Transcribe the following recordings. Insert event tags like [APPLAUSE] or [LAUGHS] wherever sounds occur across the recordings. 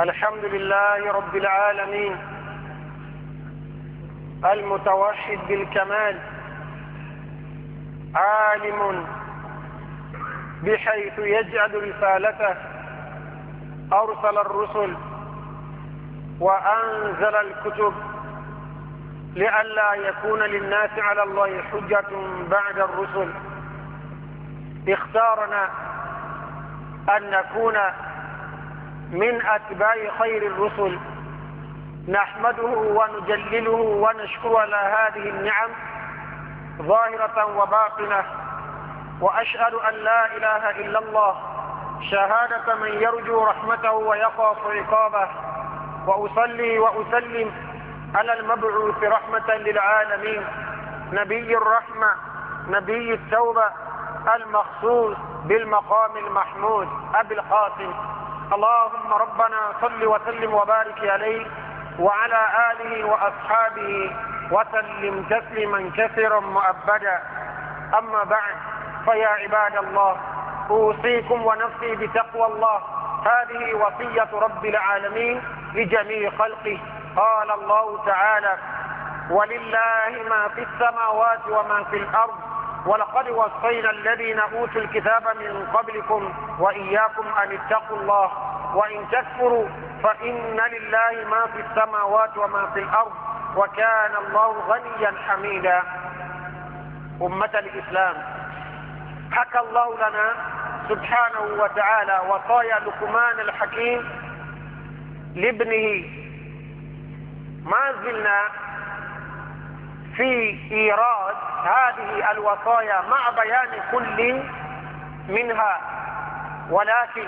الحمد لله رب العالمين المتوحد بالكمال عالم بحيث يجعل رسالته أرسل الرسل وأنزل الكتب لئلا يكون للناس على الله حجة بعد الرسل اختارنا أن نكون من أتباع خير الرسل نحمده ونجلله ونشكر على هذه النعم ظاهرة وباطنة وأشهد أن لا إله إلا الله شهادة من يرجو رحمته ويخاف عقابه وأصلي وأسلم على المبعوث رحمة للعالمين نبي الرحمة نبي التوبة المخصوص بالمقام المحمود أبي القاسم اللهم ربنا صل وسلم وبارك عليه وعلى آله وأصحابه وسلم تسليما كثيرا مؤبدا أما بعد فيا عباد الله أوصيكم ونفسي بتقوى الله هذه وصية رب العالمين لجميع خلقه قال الله تعالى ولله ما في السماوات وما في الأرض ولقد وصينا الذين أوتوا الكتاب من قبلكم وإياكم أن اتقوا الله وإن تكفروا فإن لله ما في السماوات وما في الأرض وكان الله غنيا حميدا أمة الإسلام حكى الله لنا سبحانه وتعالى وصايا لقمان الحكيم لابنه ما زلنا في إيراد هذه الوصايا مع بيان كل منها ولكن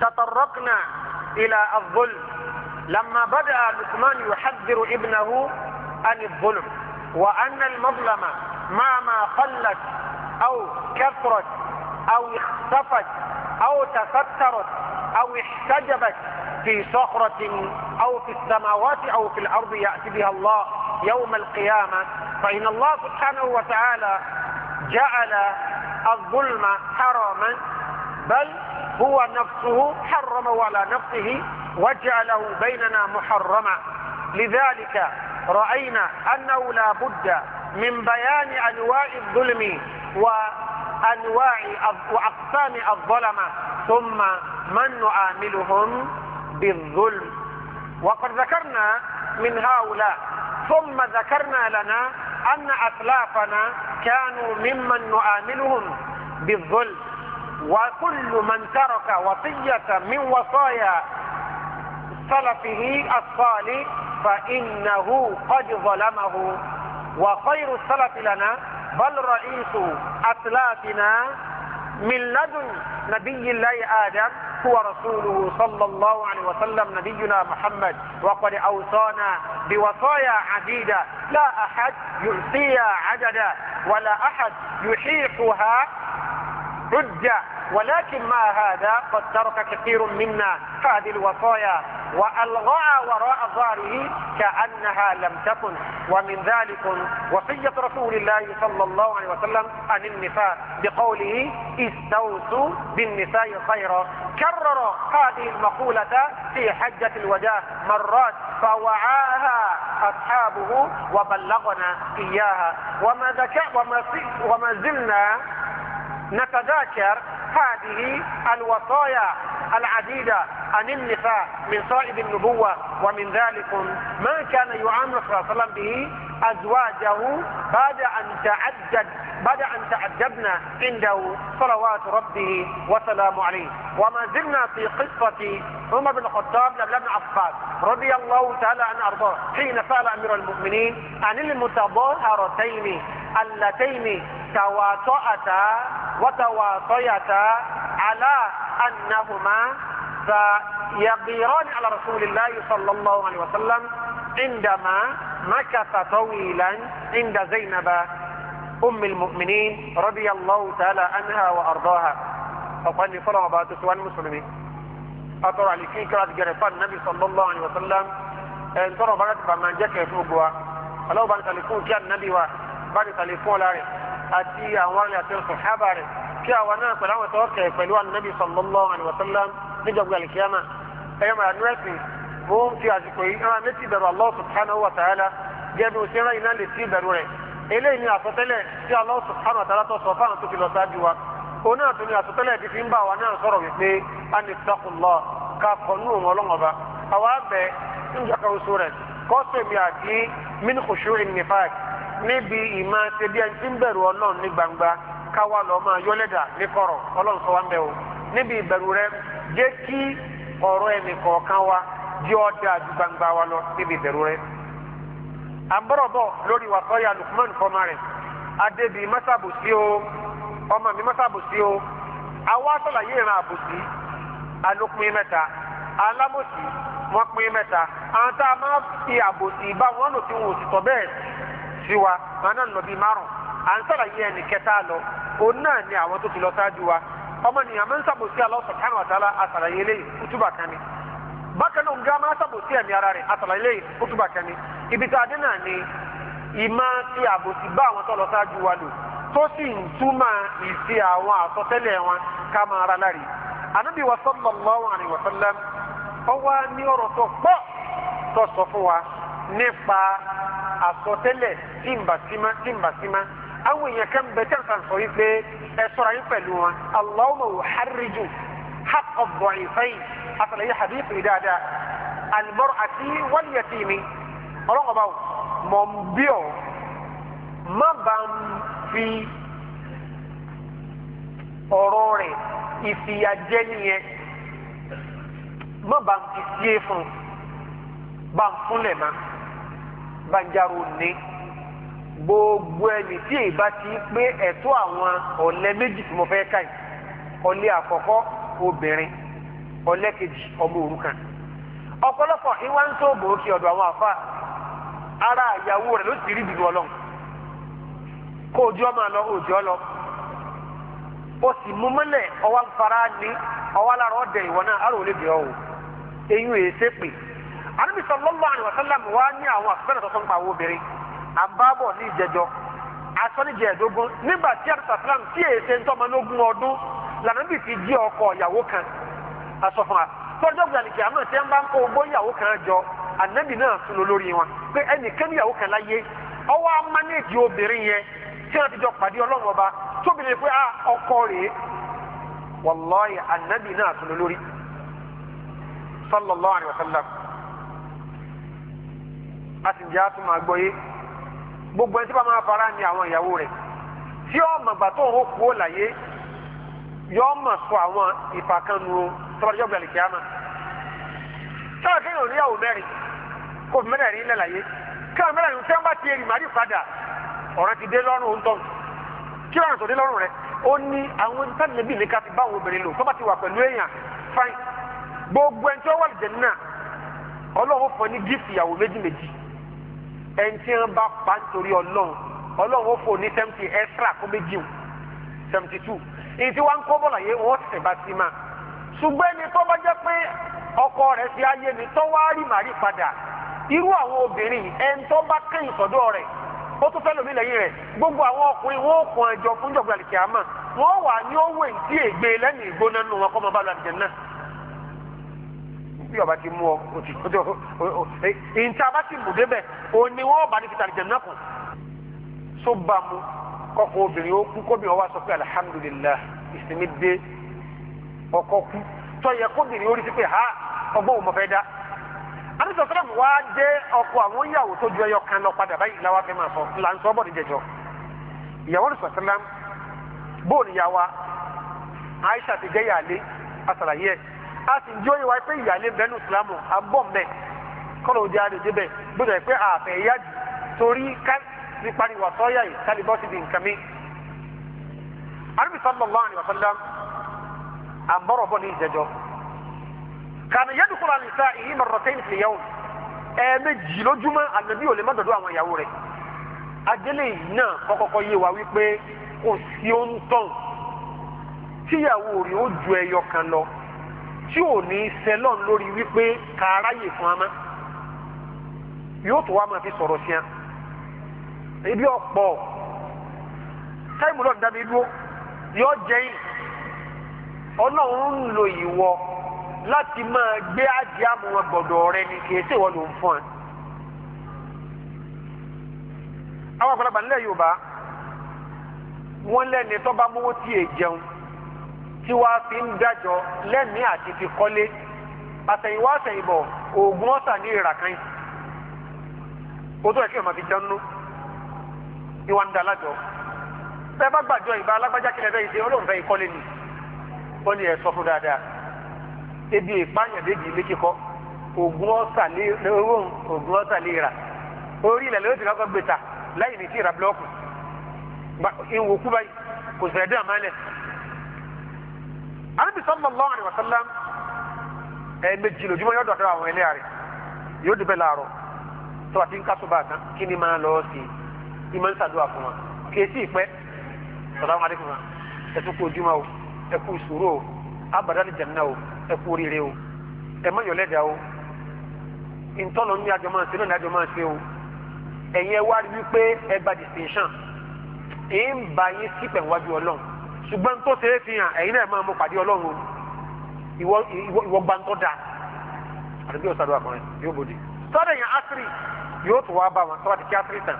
تطرقنا إلى الظلم لما بدأ لقمان يحذر ابنه عن الظلم وأن المظلمة مهما ما قلت أو كثرت أو اختفت أو تسترت أو احتجبت في صخرة أو في السماوات أو في الأرض يأتي بها الله يوم القيامة فإن الله سبحانه وتعالى جعل الظلم حراما بل هو نفسه حرم على نفسه وجعله بيننا محرما لذلك رأينا أنه لا بد من بيان أنواع الظلم وأنواع وأقسام الظلمة ثم من نعاملهم بالظلم وقد ذكرنا من هؤلاء ثم ذكرنا لنا أن أسلافنا كانوا ممن نؤاملهم بالظلم وكل من ترك وصية من وصايا سلفه الصالح فإنه قد ظلمه وخير السلف لنا بل رئيس أسلافنا من لدن نبي الله آدم هو رسوله صلى الله عليه وسلم نبينا محمد وقد أوصانا بوصايا عديدة لا أحد يعطيها عددا ولا أحد يحيطها حجة ولكن مع هذا قد ترك كثير منا هذه الوصايا وألغى وراء ظهره كأنها لم تكن ومن ذلك وصية رسول الله صلى الله عليه وسلم عن النساء بقوله استوسوا بالنساء خيرا كرر هذه المقولة في حجة الوداع مرات فوعاها أصحابه وبلغنا إياها وما, وما, وما زلنا نتذاكر هذه الوصايا العديدة عن النساء من صائب النبوة ومن ذلك ما كان يعامل صلى الله عليه وسلم به أزواجه بعد أن تعدد بعد أن تعجبنا عنده صلوات ربه وسلامه عليه وما زلنا في قصة عمر بن الخطاب لم عفان رضي الله تعالى عن أرضاه حين سأل أمير المؤمنين عن المتظاهرتين اللتين تواطأتا وتواصيتا على أنهما سيقيران على رسول الله صلى الله عليه وسلم عندما مكث طويلا عند زينب أم المؤمنين رضي الله تعالى عنها وأرضاها فقال لي صلى الله عليه وسلم مسلمين أطرع لكي كرات جرفان النبي صلى الله عليه وسلم ẹn tọrọ bá rẹ ti bàmà jẹ kẹfù gbọ wa ọlọ́wọ́ bá ń tàlẹ́ fún kí ànábì wa bá ń tàlẹ́ fún ọ̀la rẹ̀ àti àwọn arìnrìn àti ọ̀sùn sábà rẹ̀ kí àwọn náà pẹ̀lú àwọn tó kẹ̀ pẹ̀lú ànábì sallallahu alaihi wasallam níjọba alikiyama ẹ̀yọ́ mọ̀ àdúrà sí mo ń fi àsìkò yìí ẹ̀rọ létí ìbẹ̀rù Allah subhanahu wa ta'ala gẹ́gẹ́ òṣèré náà iná létí ìbẹ̀rù rẹ̀ eléyìí ni àsọtẹ́lẹ̀ tí Allah subhanahu wa ta'ala tó sọ fáwọn tó ti lọ sáájú wa òun náà tó ní àsọtẹ́lẹ̀ níbi ìmọ̀ ṣe bí ẹni tí ń bẹ̀rù ọlọ́run ní gbangba káwa lọ́ọ́ máa yọ́lẹ́dà ní kọ̀rọ̀ ọlọ́run sọ o níbi ìbẹ̀rù rẹ jẹ́ kí ọ̀rọ̀ ẹnì kọ̀ọ̀kan wa di ọ̀dà ju gbangba wa lọ níbi ìbẹ̀rù rẹ. àbọ̀rọ̀bọ̀ lórí Lukman rẹ̀ adébí mọ́sàbùsí o ọmọ mi mọ́sàbùsí o àwa sọ̀làyé ìran àbùsí alópin mẹ́ta wọ́n pin mẹ́ta àwọn fi bá wọn lò wọn ò sí wa wọn náà lọ bíi márùn à ń sàlàyé ẹnì kẹta lọ òun náà ni àwọn tó ti lọ sáájú wa ọmọ nìyàn máa ń sàbòsí Allah subhanahu wa ta'ala àsàlàyé lẹ́yìn kútùbà kan ni bákan náà nga máa sàbòsí ẹ̀mí ara rẹ̀ àsàlàyé lẹ́yìn kútùbà kan ni ibi tá a dín náà ni ìmọ̀ ti àbòsí bá àwọn tó lọ sáájú wa lò tó sì ń túmọ̀ ìsí àwọn àsọtẹ́lẹ̀ wọn ká máa ra lárí. ànábì wa sallallahu alaihi ọwọ́ ní ọ̀rọ̀ tó pọ̀ tó sọ fún wa nípa àsọtẹ́lẹ̀ tìǹbàtìmá tìǹbàtìmá àwọn èèyàn kan bẹ tẹ́ nǹkan sọ yìí pé ẹ sọ̀rọ̀ yín pẹ̀lú wọn Allahumma harriju haqqa ad-du'afayn àtàlẹ́yìn hadith yìí dáadáa al-mar'ati wal-yatimi ọlọ́wọ́n bá mọ̀ ń bí ọ́ má bá ń fi ọ̀rọ̀ rẹ̀ ìfìyàjẹ́ni yẹn má bá ń fi sí é fún un. banfunlẹ̀ ma banjaro gbogbo ẹni tí èyí bá ti pé ẹ̀tọ́ àwọn ọ̀lẹ́ méjì tí mo fẹ́ ká yìí ọ̀lẹ́ àkọ́kọ́ obìnrin kejì ọmọ ìwà ń tó àwọn àfa ara ìyàwó rẹ̀ ló ti rí bìbí ọlọ́run kó ojú ọmọ lọ ojú ọ lọ ó sì mú mọ́lẹ̀ ọwọ́ fara alára ìwọ náà lè anabi sallallahu alaihi wasallam wa ní àwọn àfẹ́rẹ́ tó sọ nípa àwọn obìnrin àbábọ̀ ní ìjẹjọ́ asọ́nìjẹ̀ẹ́dógún nígbà tí àdúrà sàlám tí èsè ń tọ́mọ lógún ọdún lànàbì ti jí ọkọ ìyàwó kan aṣọ fún wa tọ́jọ́ gbàlìkì àmọ́ tí wọ́n bá ń kó ogbó ìyàwó kan jọ ànábì náà tún lọ lórí wọn pé ẹnìkan ìyàwó kan láyé ọwọ́ amánéèjì obìnrin yẹn tí wọ́n ti jọ pàdé ọlọ́run ọba tóbìnrin pé a ah, ọkọ rèé wàlláhì ànábì náà tún lórí sallallahu alaihi wasallam a sì jẹ́ àtúmọ̀ àgbọ́yé gbogbo ẹni tí bá máa fara ni àwọn ìyàwó rẹ̀ tí ọmọ ìgbà tó ń hó kú ó láyé yọọ mọ̀ sọ àwọn ìfàkànnù o tọ́bàdíjọ́ gbẹ̀lẹ̀ kíámà sáà kéèyàn rí àwọn mẹ́rin kò fi mẹ́rin rí ilẹ̀ láyé kí àwọn mẹ́rin tí wọ́n bá ti èrì màrí padà ọ̀rọ̀ ti dé lọ́rùn ń tọ́nu kí lọ́rùn tó lọ́rùn rẹ̀ ó ní àwọn tánilẹ́bí mi ká ti bá ẹni tí wọn bá pa nítorí ọlọ́run ọlọ́run ó fò ní seventy extra kó méjì o seventy two èyí tí wọn kó bọ́ọ̀lù yẹ wọn tẹ̀ bá sí ma ṣùgbọ́n ẹni tó bá jẹ́ pé ọkọ rẹ̀ ti ayé mi tó wá rí màrí padà irú àwọn obìnrin ẹni tó bá kẹ́yìn sọ́dọ̀ rẹ̀ ó tún fẹ́ lómi lẹ́yìn rẹ̀ gbogbo àwọn ọkùnrin wọn ò kàn ẹjọ́ fún jọ̀gbọ̀n àlìkè àmà wọn wà ní owó tí ègbè lẹ́nu ìgbóná nù wọn kọ́ mọ́ bá lọ àdìjẹ náà bí ọba ti mú ọ òtí e, ìntà bá ti bù débẹ̀ òní wọn bá ní fìtàlì jẹ̀ náà kù. so bá mu kọkọ obìnrin ó kú kóbi ọwọ́ sọ pé alihamudulilayi ìsinmi dé ọkọ kú tọ́yẹ kóbìnrin ó rí sí pé ha ọgbọ́n òun mọ̀ fẹ́ dá. àdúgbò sọ́dọ̀ wá dé ọkọ àwọn ìyàwó tó ju ẹyọ kan lọ padà báyìí làwọn fẹ́ máa sọ là ń sọ bọ̀ ní jẹjọ. ìyàwó rẹ̀ sọ̀tẹ́lá bóòlù yà wa Aisha ti jẹ́ yàlé àṣàlàyé ẹ̀ a sì ń jó ìwà pé ìyàlẹ́ bẹ́ẹ̀ nù sílámù abọ́ mbẹ́ kọ́nà òjì àdèjì bẹ́ẹ̀ gbọ́dọ̀ pé àfẹ́ ìyá jù torí ká ní pariwo àtọ́yà yìí ká lè bọ́ síbi nǹkan mi. Ànábì sallallahu alaihi wasallam àbọ̀rọ̀ bọ̀ ní ìjẹjọ́ kàmi yẹn dùkúrò àlìsá ìyí marratayn fil yawm ẹ̀ẹ̀mejì lójúmọ́ ànàbí ò lè má dọ̀dọ̀ àwọn ìyàwó rẹ̀ ajẹ́lẹ̀ yìí náà kọ́kọ́kọ́ yé wa wípé kò sí ó ń tàn tíyàwó rẹ̀ ó ju ẹyọ kan lọ tí ò ní sẹlọ lórí wípé kàrá yìí fún ama yóò tó wá máa fi sọ̀rọ̀ sí a ibi ọ̀pọ̀ táìmù náà dábí dúró yóò jẹ́ yìí ọlọ́run ń lo ìwọ láti máa gbé àjẹ́ àmúwọn gbọ̀dọ̀ rẹ ni kì í ṣèwọ ló ń fún ẹ. àwọn àgbàlagbà nílẹ̀ Yorùbá wọ́n lẹ́ni tó bá mówó tí èè jẹun tí wàá fi ń dájọ lẹ́mìí àti fi kọ́lé àtẹ̀yìnwá àtẹ̀yìnbọ̀ oògùn ọ̀sà ní ìrà kan yìí o tó yẹ kí ọmọ fi jẹun nú ìwà ń da alájọ bẹ́ẹ̀ bá gbàjọ ìbá alágbájá kílẹ̀ bẹ́ẹ̀ ṣe olóhùn fẹ́ ni ó ní ẹ̀ sọ fún dáadáa ebi ìpáyàn débi ilé kíkọ́ oògùn ọ̀sà lé owó oògùn ọ̀sà lé ìrà orí ilẹ̀ lóyún ti kọ́kọ́ gbé ta ní ti ìrà búlọ́ọ̀kù ìwòkú báyìí kò sì anabi sallallahu alayhi wa sallam ẹ̀ẹ̀mejì lójúmọ́ yóò dọ̀dọ̀ àwọn ẹlẹ́yà rẹ̀ yóò dìbẹ̀ láàárọ̀ tó àti nkaso bá tán kí ni máa lọ sí i máa ń sàdúrà fún wa kì í sì pẹ́ sàlámù alaykum ẹ tún kú ojúmọ́ o ẹ kú ìṣòro o abàdàlì jẹ̀nà o ẹ kú oríire o ẹ má yọ̀lẹ́dà o ntọ́nà ní àjọ máa ń ṣe náà ní àjọ máa ń ṣe o ẹ̀yin ẹ wá rí wípé ẹ gba distinction ṣùgbọ́n tó ṣe é fi hàn ẹ̀yin náà máa mú pàdé ọlọ́run ìwọ gbàǹtọ́ da àdúgbò ọ̀sán àdúrà kan yóò bòde sọ́dọ̀ yẹn asiri yóò tó wá bá wọn sọ́dọ̀ kí asiri tàn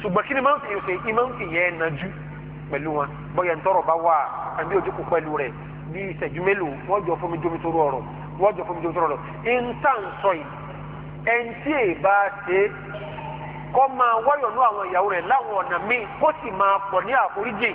ṣùgbọ́n kí ni máa ń fi ṣe ìmọ̀ ń fi yẹn nàjú pẹ̀lú wọn bóyá ń tọrọ bá wà àbí ojú kò pẹ̀lú rẹ̀ bí ìṣẹ́jú mélòó wọ́n jọ fún mi jómi tó rú ọ̀rọ̀ wọ́n jọ fún mi jómi tó rú ọ̀rọ̀ ìǹtà ń sọ yìí ẹni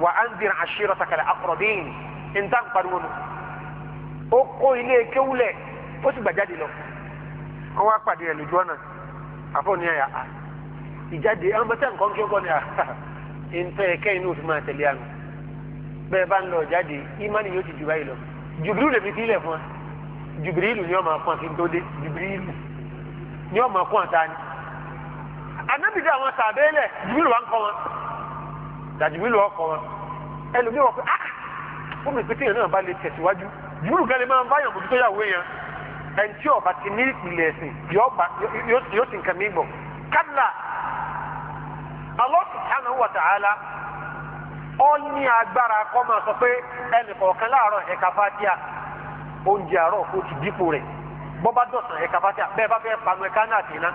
wà á ń dira àṣírọ takàlẹ akọrọbìn níta ń pariwo nù ó kó ilé kéwulẹ ó sì gbàjáde lọ àwọn apàdé rẹ lójú ọ̀nà àfọ̀nìyà yà ah, á ìjáde àwọn bẹ́tẹ̀ nǹkan kí ó kọ́ ni à ah, ntọ́ yẹ kẹ́yìn ní òfin máa tẹ̀lé àná bẹ́ẹ̀ bá ń lọ jáde ìmánì yóò ti jù báyìí lọ jùbìrì lèmi ti ilẹ̀ ni ọ̀ máa fún wa kí n dàjúmílù ọkọ wọn ẹlòmíì wọ pé ah fún mi pété yẹn náà bá lè tẹ̀síwájú jùmílù gan lè máa ń báyàn bòtítọ́ yàwó yẹn ẹnití ọba ti ní ìpìlẹ̀ ẹ̀sìn yóò sì nǹkan mi gbọ̀ kálá Allah subhanahu wa ta'ala ó ní agbára kọ́ máa sọ pé ẹnì kọ̀ọ̀kan láàárọ̀ ẹ̀ka fatia oúnjẹ àárọ̀ kò ti dípò rẹ̀ bọ́bá dọ̀sán ẹ̀ka fatia bẹ́ẹ̀ bá fẹ́ panu ẹ̀ka náà tì í ná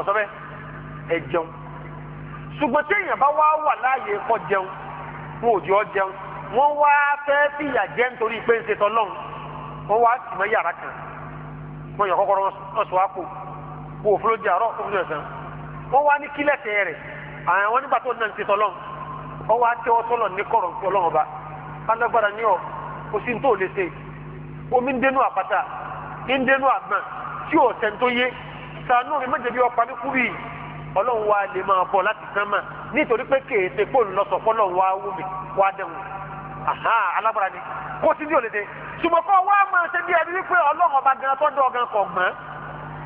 ọ̀sọ́ bẹ́ẹ̀ ẹ jẹun ṣùgbọ́n tí èèyàn bá wá wà láàyè kọ́ jẹun wọn ò jẹ́ ọ jẹun wọ́n wá fẹ́ fìyà jẹ́ nítorí pé ń ṣe tọ́lọ́run wọ́n wá tì mọ́ yàrá kan wọ́n yàn kọ́kọ́rọ́ wọn sọ àpò kó òfin ló jẹ àárọ̀ kó fún ẹ̀sán wọ́n wá ní kílẹ̀tẹ̀ rẹ̀ àwọn nígbà tó náà ń ṣe tọ́lọ́run wọ́n wá tẹ́ ọtọ́lọ̀ ní kọ̀rọ̀ ní ọlọ́run ọba alágbára ní ọ kò sí tó lè ṣe omi ń dénú àpáta ń dénú àgbọn tí ò sẹ́ńtóyé sànú mi méjèèjì ọ̀pá mi kú bíi ọlọ́run wa lè máa bọ̀ láti sán mà nítorí pé kèése kó ń lọ sọ fọlọ́run wa wù mí wá dẹ̀hùn alábàárà ni kó sí ní òlédè ṣùgbọ́n kó wá máa ṣe bí ẹni wípé ọlọ́run ọba gan tọ́jú ọgàn kọ̀ gbọ́n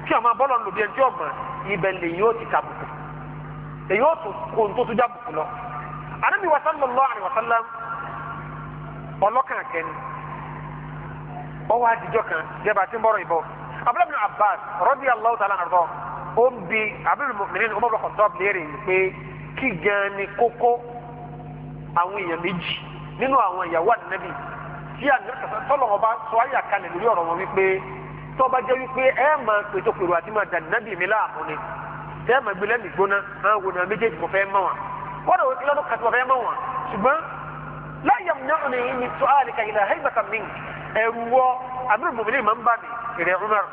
kí ọmọ bọ́lọ̀ ń lò bí ẹni tí ọgbọ́n ibẹ̀ lè yóò ti kàbùkù èyí ó tún kó tó tún jábùkù lọ. àdébí wasalọ́lọ́ àrùn wasalá ọlọ́kàn kẹ́ni ọwọ́ àdìjọ kan jẹba tí ń bọ̀rọ̀ ìbọn abúlé bin abbas radiyallahu ta'ala anhu ó ń bi abúlé mọ̀mìnrin ọmọ ọlọ́kọ̀ tó léèrè pé kí gan ni kókó àwọn èèyàn méjì nínú àwọn ìyàwó ànábì tí tọ́lọ̀ ọba sọ ayé àkàlẹ̀ lórí ọ̀rọ̀ wọn wípé tọ́ba jẹ́ wípé ẹ máa pètò pèrò àti máa dàdí nábì mi láàmú ni tẹ́ ẹ máa gbé lẹ́nu ìgbóná máa wò náà méjèèjì mo fẹ́ mọ́ wọn kọ́dọ̀ wọ́n ti lọ́dún kàtí mo fẹ́ mọ́ wọn ṣùgbọ́n láyé mi náà ní tó àlè kàyìnlá ẹ̀yìn mi ẹ̀rù wọ àmì ìrẹ Umar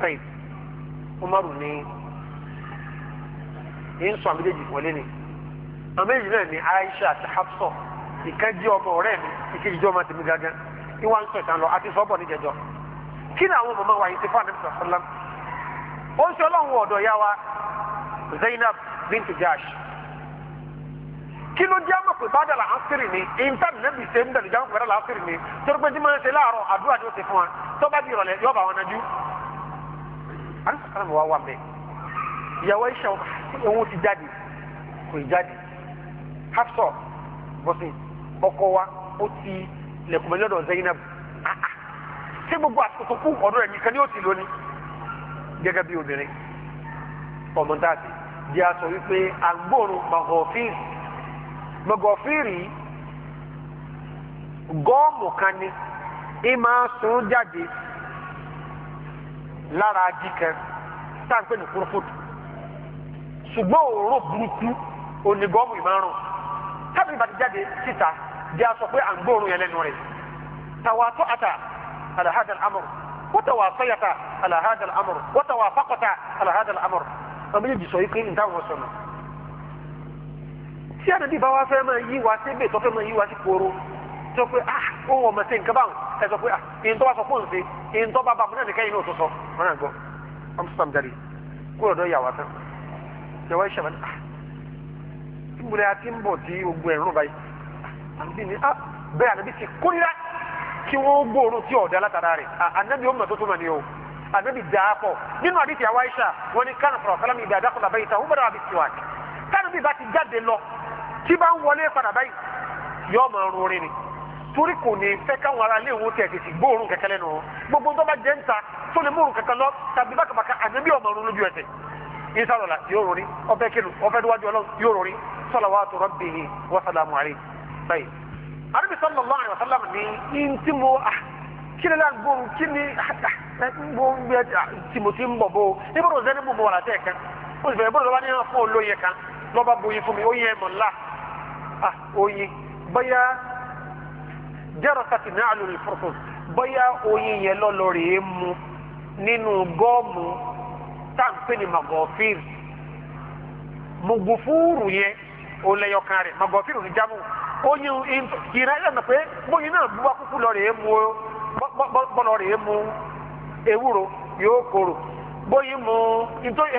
fain Umar ní ń sọ àmì méjèèjì wọlé ni àmì na Aisha àti Hafsọ ìkan jẹ́ ọmọ ọ̀rẹ́ mi ìkejì jẹ́ ọmọ tèmi gángan ìwà ń sọ ìtàn lọ àti sọ́bọ̀ níjẹjọ kí ni àwọn màmá wa yìí ti fún àdébí kí ló jẹ́ àmọ̀ pé bàdà là ni ìntàn nàbì ṣe ń dàlú jáwọ́ pé bàdà ni torí pé tí máa ń ṣe láàárọ̀ àdúrà ni ó ti fún wa tó bá di ìrọ̀lẹ́ yóò bá wọn najú. àdúrà sàlámù wa wà mẹ́ ìyàwó iṣẹ́ òun ti jáde kò ì jáde hafsọ bọ́sì ọkọ wa ó ti lẹ̀kùn mẹ́lẹ́ ọ̀dọ̀ Zainab ah, ah. ṣé gbogbo àsìkò kú ọ̀dọ̀ ẹ̀mí kan ni ó ti lóní gẹ́gẹ́ bí obìnrin ọmọ táàtì di aṣọ wípé àgbòrò mahofin mọ̀gọ́fìrì gọ́ọ̀mù kan ni ì máa sun jáde lára adi kan tá à ń pè ní kúrúfòtò ṣùgbọ́n òórùn burúkú òní gọ́ọ̀mù ìmárùn tábìlì bá ti jáde síta di a sọ pé à ń gbóòórùn yẹn lẹ́nu rẹ̀ tàwátọ́ ata alahadà amọ̀ wọ́tàwàfẹ́yàtà alahadà amọ̀ wọ́tàwàfàkọ́tà alahadà amọ̀ ọmọ yìí jì sọ yìí pé nǹkan àwọn sọ̀nà tí àdàbí bá wá fẹ́ máa yí wa sí bẹ́ẹ̀ tó fẹ́ máa yí wa sí koro tó pé ah òun ọmọ sí nǹkan báwọn ẹ sọ pé ah ìyẹn tó bá sọ fóun sí ìyẹn tó bá bá fún ẹnìkan yìí náà tó sọ wọn náà gbọ́ amsterdam jáde kúrò lọ́dọ̀ yà wá tán yàwá iṣẹ́ wọn ah ìmúlẹ̀ àti ń bọ̀ tí gbogbo ẹ̀rún báyìí ah, àbí ni ah bẹ́ẹ̀ àdàbí ti kórira kí wọ́n gbóòórùn tí ọ̀dà látara rẹ̀ ah, ànábì ó mọ̀ tó tó mọ̀ ni o ànábì dáa pọ̀ nínú àdìsí àwa iṣẹ́ wọn ni kánà fọlọ́ sálámì ìdá àdákùnrin àbẹ́yìí tá a ó bẹ̀rẹ̀ àbí tiwa kánà bí ba ti jáde lọ tí bá ń wọlé padà báyìí yóò máa rún orin ni torí kò ní fẹ́ káwọn ará ilé ìwò gbóòórùn kẹ̀kẹ́ gbogbo tó bá jẹ́ ń ta tó lè múrùn kẹ̀kẹ́ lọ tàbí bákàbàkà ọmọ ọ̀run lójú ẹsẹ̀ ìsàlọ̀lá yóò rọrí ọbẹ̀ kìlù ọbẹ̀ níwájú ọlọ́run yóò wa ni tí mo ah, ah oyin bóyá jẹ́rọ̀sátì náà lò lè fọ́fọ́ bóyá oyin yẹn lọ́lọ́ rèé mu nínú gọ́ọ̀mù táǹpé ni magọ́fíìrì mugufúrù yẹn ó lẹ́yọ̀ kan rẹ̀ magọ́fíìrì ní jámù oyin ìrìn ayé lọ́nà bóyin náà bú akúkú lọ rèé mu bọ́lọ́ rèé ewúro yóò korò bóyin mu nítorí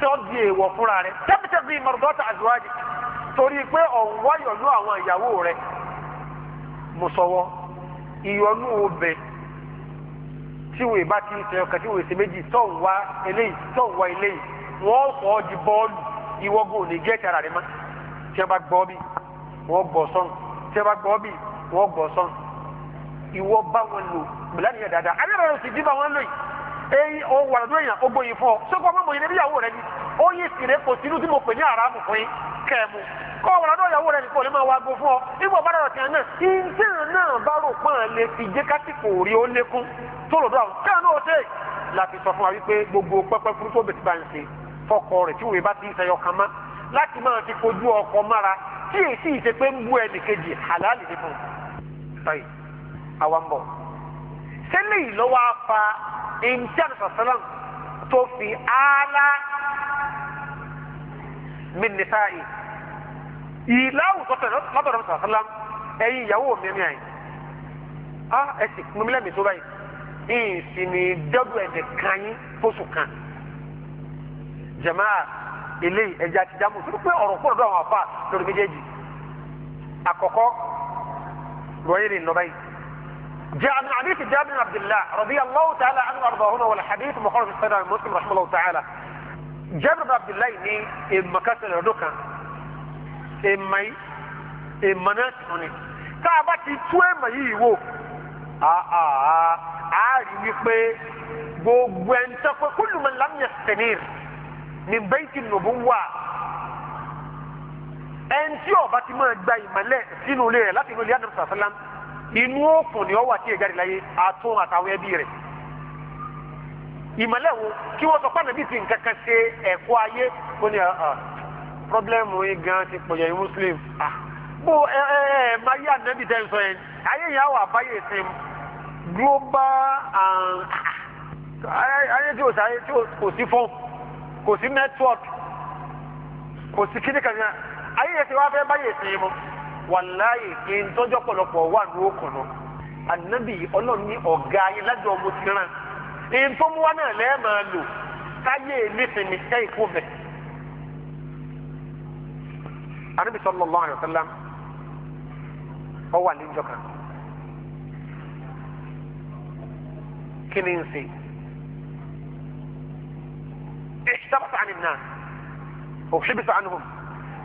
sọ́ọ̀dì èèwọ̀ fúnra rẹ̀ tẹ́bítẹ́bí mọ̀rọ̀dọ́tà torí pé àwọn ìyàwó rẹ̀ mùsọ̀wọ́ ìyọ̀nú obẹ̀ tí wòye bá ti ń wòye méjì eléyìí eléyìí wọ́n sọ di bọ́ọ̀lù ìwọ́gùn òní gẹ́ẹ̀tì ara rẹ̀ mọ́ tí wọ́n bá gbọ́ bí wọ́n gbọ́ sọ́n tí wọ́n bá gbọ́ bí wọ́n gbọ́ sọ́n eyi o wà lọ́dún èèyàn o gbóyin fún ọ ọmọ mòye níyàwó rẹ ni ó yí ìsìnrè kò sínú tí mo pè ní àràmù fún yín kẹ́ẹ̀mù kọ ọ̀wọ̀ lọ́dún ìyàwó rẹ nìkan ò lè máa wá gbó fún ọ nígbà bá dọ̀rọ̀ tiẹ̀ náà náà bá rò lè fi rí ó lékún tó sọ fún wa wípé gbogbo bá ń fọkọ tí bá ti ń ọkọ mára tí èsì ìṣe pé ń bú sẹ́lẹ̀ yìí lọ́wọ́ afa ìjẹun sọ̀sọ́lọ́m tó fi ààlà mi nìta yìí ìlà àwùjọ lọ́dọ̀dọ̀ sọ̀sọ́lọ́m ẹ̀yin ìyàwó mi mi àyìn á ah, ẹ sì pín mi lẹ́mìí tó báyìí ìsì ní dọ́dọ̀ ẹ̀dẹ̀ kan yín fóṣù kan jamaa eléyìí ẹja ti dáàmú tó pé ọ̀rọ̀ kúrò dọ́ àwọn afa lórí méjèèjì àkọ́kọ́ lọ́yìn ní nọ́bàyìí. جاء من حديث جابر بن عبد الله رضي الله تعالى عنه وارضاهما والحديث مخرج في صحيح مسلم رحمه الله تعالى جابر بن عبد الله ني اما كسر ردوكا اما اما ناتوني كعبة تتوى ما يهو اه اه اه عاري نقبي بوبوين تقوى كل من لم يستنير من بيت النبوة أنتي أو باتي ما أجبي ملء سينو ليه لا تقول يا نبي صلى الله عليه وسلم inú òkùn ni ọ wà tí ìjáde láyé àtún àtàwọn ẹbí rẹ̀ ìmọ̀lẹ́ wo kí wọ́n sọ pàdé bíi ti nǹkan kan ṣe ẹ̀kọ́ ayé ó ní ah, ah, ti pọ̀jọ́ muslim ah, bó ẹ ẹ ẹ máa yí ànábì tẹ́ ń sọ yẹn ayé yẹn global ayé tí kò sí fún kò sí network kò sí kíníkan yẹn ayé yẹn ti wá fẹ́ báyé mu. wàláyé yẹn tọ́jọ́ pọ̀lọpọ̀ wà ní okùn nù ànábì ọlọ́run ní ọ̀gá ayé lájọ ọmọ ti ràn èyí tó mú wá náà lẹ́ẹ̀ máa lò káyé nífẹ̀ẹ́ ní ìkó bẹ̀. wà níjọ kan kí ni n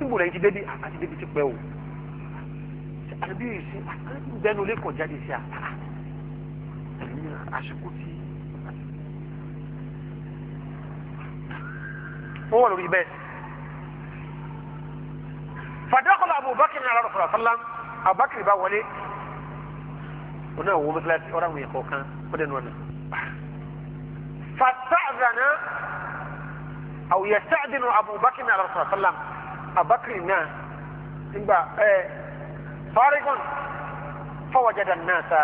níbo lẹ́yìn ti débi àti débi ti pẹ́ o àbí ìsìn bẹ́ẹ̀ ni olè kọ̀ jáde sí a ẹ̀yìn àsìkò tí wọ́n wà lórí bẹ́ẹ̀. fàdákọ̀lá abubakar ní aláàrọ̀ sọ̀rọ̀ sọ́lá abubakar bá wọlé ọ̀nà àwọn ọmọ kíláàsì ọ̀rọ̀ àwọn ẹ̀kọ́ kan ó dẹnu ọ̀nà. fàtàzànà àwòyẹ sáàdínù abubakar ní aláàrọ̀ sọ̀rọ̀ abakiri náà nígbà ẹ farigun fawajada nasa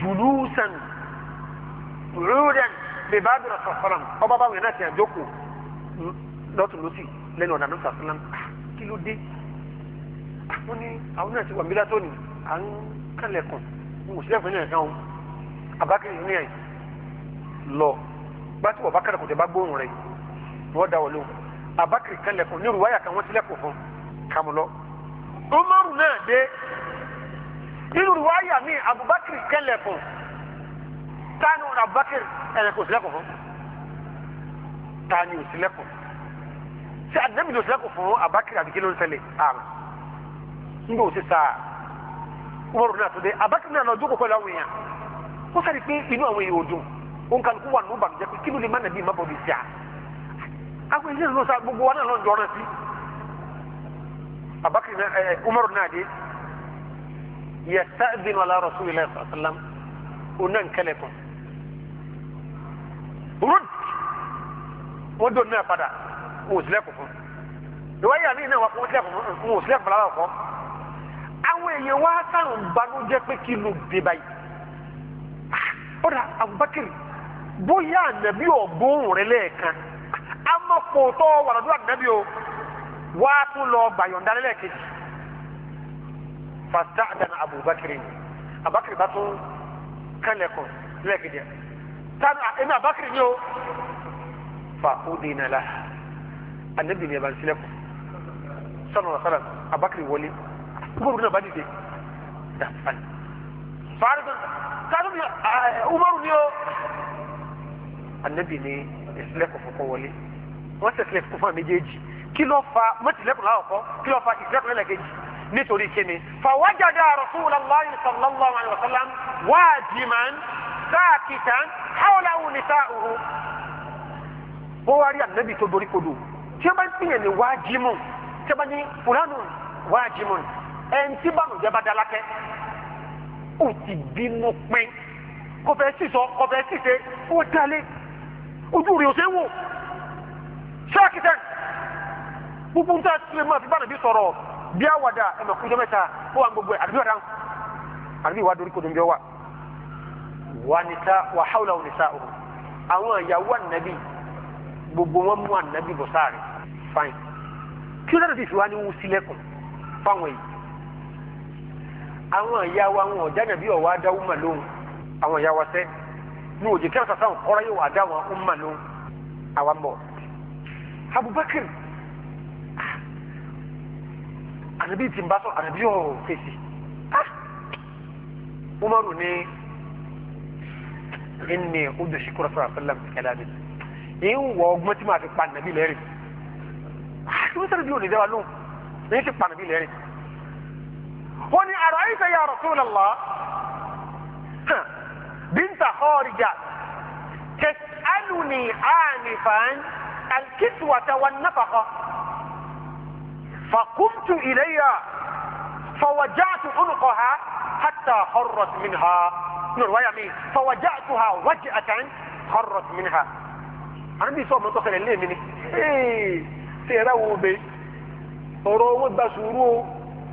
julusan rudan bibadu rasasalam ọba báwọn yẹn náà ti hàn jókòó lọ́tún lọ́sì lẹ́nu ọ̀dà nọ́ọ̀sì àfúnlá kí ló dé àwọn ah, ní àwọn náà ti wà mí látọ́ ni à ń kálẹ̀kùn mo sì lẹ́kùn nílẹ̀ kan o abakiri ní ẹ̀ lọ gbàtí wọ́n bá kálẹ̀kùn tẹ bá gbóhùn rẹ̀ wọ́n dá wọlé o abakiri kan lẹ̀kùn ní ruwaya kan wọ́n ti lẹ̀kùn fún kamulọ umaru náà dé nínú ruwaya mi abubakiri kan lẹ̀kùn tani wọn abubakiri ẹlẹkùn sílẹ̀kùn fún tani òsílẹ̀kùn ṣé anabi ló sílẹ̀kùn fún abakiri àti kíló ń ṣẹlẹ̀ àrùn nígbà òsì sáà umaru náà tó dé abakiri náà lọ dúkọ̀ pẹ̀lú àwọn èèyàn ó sáré pé inú àwọn èèyàn ò dùn òǹkàlùkù wà ní ó bànújẹ́ pé kí ló lè má nàbí má bọ̀ bí sí à. akpọ ihe ló sa gbogbo wa náà si jọ na abakiri umaru náà de yẹ sáàbìn wàlá rasulillah sallam o náà nkẹlẹ kan rúd wọn dò náà padà wọn ò sílẹ̀ kọ fún ìwà yà mí náà wà kọ fún wọn àwọn èèyàn wá sáwọn banújẹ́ pé kí abubakar ama kpòótọ́ wàlọ́dún àdínábì o wá tún lọ gbàyọ̀ǹda lẹ́lẹ̀ kejì fasta dana abubakiri abakiri bá tún kẹlẹ̀kùn lẹ́lẹ̀ kejì tani ẹni abakiri ni o fa ó di iná la àdínábì ni ẹ bá ń sílẹ̀kùn sọ̀rọ̀ wà sọ̀rọ̀ abakiri wọlé umaru náà bá dìde dàfani fàárì kan tani umaru ni o àdínábì ni ìsílẹ̀kùn fún wọlé wọ́n sẹ̀sẹ̀ lẹ́kùn fún àméjèèjì kí ló fa mọ́tìlẹ́kùn láwọ̀kọ́ kí ló fa ìsìlẹ́kùn lẹ́lẹ́kejì nítorí kíni. fàwájàdà rasulullahi sallallahu alayhi wa sallam wajiman sakitan hawlahu nisa'uhu. wọ́n wá rí ànábì tó dorí kodò tí wọ́n bá ń pìyàn ní wájìmù tí wọ́n bá ní fúlánù wájìmù ẹ̀ǹtí bànújẹ́ bá dalákẹ́ ó ti bínú pín kọfẹ́ sísọ kọfẹ́ síse ó dalẹ̀ ojú rẹ̀ ò ساكتا بوبو تا سليما في بانا بي سورو بيا ودا اما كوجو متا هو ان بوبو ادبي ودان ادبي وادوري كودو بيوا ونساء وحوله نساؤه àwọn ìyàwó ànábì gbogbo wọn mú ànábì bọ̀ sáré fain kí ló dé ti fi wá ní wú sílẹ̀kùn fáwọn yìí àwọn ìyàwó àwọn ọ̀já ànábì ọ̀wá adáwó mà lóhùn àwọn ìyàwó sẹ́ ní òjì kẹ́rọ̀tà أبو بكر أنا آه. بيتي مباطو أنا بيو فيسي أه عمر ني إني قد شكرا صلى الله عليه وسلم في كلامي إيه وأغمتي ما تقبع النبي ليري أحسن آه، مثل بيو نزيب اللوم ليه تقبع النبي ليري واني أرأيت يا رسول الله بنت خارجة تسألني عنفا الكسوة والنفقة فقمت إليها فوجعت عنقها حتى خرت منها من رواية فوجعتها وجعة خرت منها أنا سؤال صوب تصل اللي مني ايه تيرو بي ورو بسورو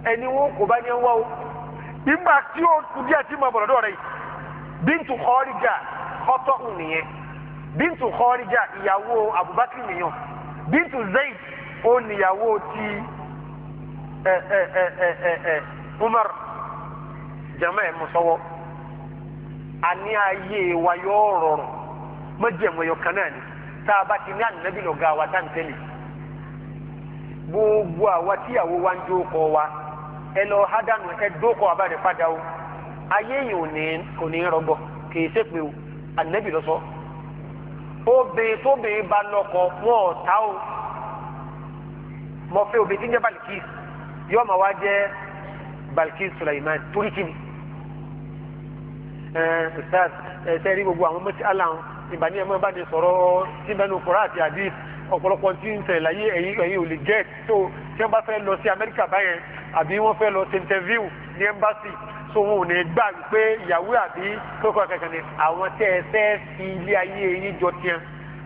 ẹni wọn kò bá yẹn wá o nígbà tí ó kú díẹ̀ tí bintu kọ́ríjà ìyàwó abubakar nìyàn bintu zayd ó níyàwó ti ẹ ẹ ẹ ẹ umar jama ẹ musọwọ àní ayé wa yóò rọrùn mọ́jẹ̀mọ́ yọ kan náà ni tá a bá ti ní ànábì lọ́gà wa tá n tẹ́lẹ̀ gbogbo àwa tíyàwó wa ń jókòó wa ẹ lọ hádànù ẹ dókòó abáre padà o ayé yìí ò ní rọgbọ kì í ṣépè o ànábì lọ sọ. So. obìnrin tóbìnrin bá lọ́kọ wọn ò tá o mọ fẹ́ obìnrin tí ń jẹ́ balikis yóò máa wá jẹ́ balikis sulaiman torí kí ni ustaz sẹ́rí gbogbo àwọn mọ́tí aláwọn ìbàní ẹ̀ mọ́ bá ní sọ̀rọ̀ tí bẹ́ẹ̀ ní okòrò àti àdìs ọ̀pọ̀lọpọ̀ tí ń tẹ̀lé láyé ẹ̀yìn ẹ̀yìn ò lè get tó tí wọ́n bá fẹ́ lọ sí amẹ́ríkà báyẹn àbí wọ́n fẹ́ lọ sí interview ní embassy so wọn ò ní gbà pé ìyàwó àbí kókó kẹkẹ ni àwọn tẹ ẹ fẹ́ fi ilé ayé yín jọ tiẹn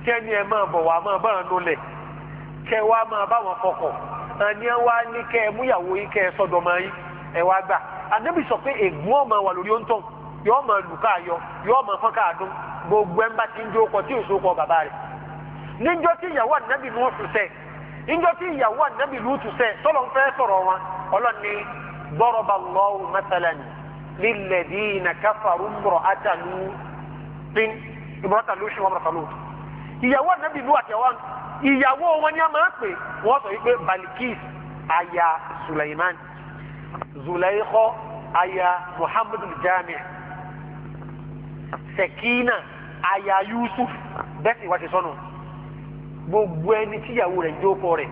kẹ́ni ẹ máa bọ̀ wá máa bá wọn nulẹ̀ kẹ́ wá máa bá wọn fọkọ̀ àní wá ní kẹ́ ẹ múyàwó yín kẹ́ ẹ sọ́dọ̀ máa wà lórí yọọ máa lù yọọ máa fọ́n káàdún gbogbo ẹ̀ tí kọ bàbá rẹ̀ tí ìyàwó ànábì ló tù sẹ́ tí ìyàwó ànábì ló tù sẹ́ fẹ́ sọ̀rọ̀ wọn ọlọ́ni للذين كفروا امرأة لوط امرأة لوط وامرأة لوط ìyàwó anabi lu àtẹwà ìyàwó wọn ni a máa pè wọn sọ wípé balikis aya suleiman zulaikho aya muhammad jami sekina aya yusuf bẹ́ẹ̀ sì wá ti sọnù gbogbo ẹni tíyàwó rẹ̀ jókòó rẹ̀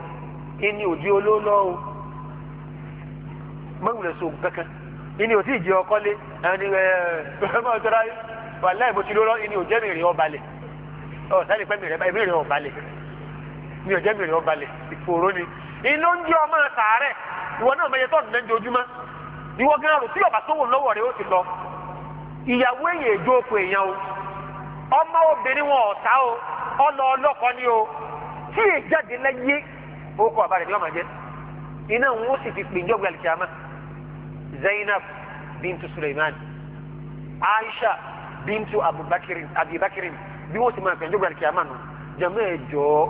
kí ni òdi olóòlọ́ọ̀ mọ̀wùlẹ̀ sọ̀rọ̀ kankan. ini òtí ìjì ọkọ́lé ẹni ẹ ẹ máa tọ́ra wàhálà mi ọ mi mi ọba mi mi ìfòòró ni ń ọmọ ìwọ náà ìwọ tí ọba ó ti lọ ìyàwó èyàn èjó oko èèyàn o ọmọ obìnrin wọn o ọlọ ọlọ́kọ ni o tí èjáde lẹ́yẹ o? kọ àbá rẹ̀ ní ọmọ jẹ iná òun ó sì fi zainab بنت سليمان، عائشة بنت أبو بكر، أبي بكر، ti ما كان ẹjọ́gbà كيامان، a máa nù jẹ́mọ́ ẹjọ́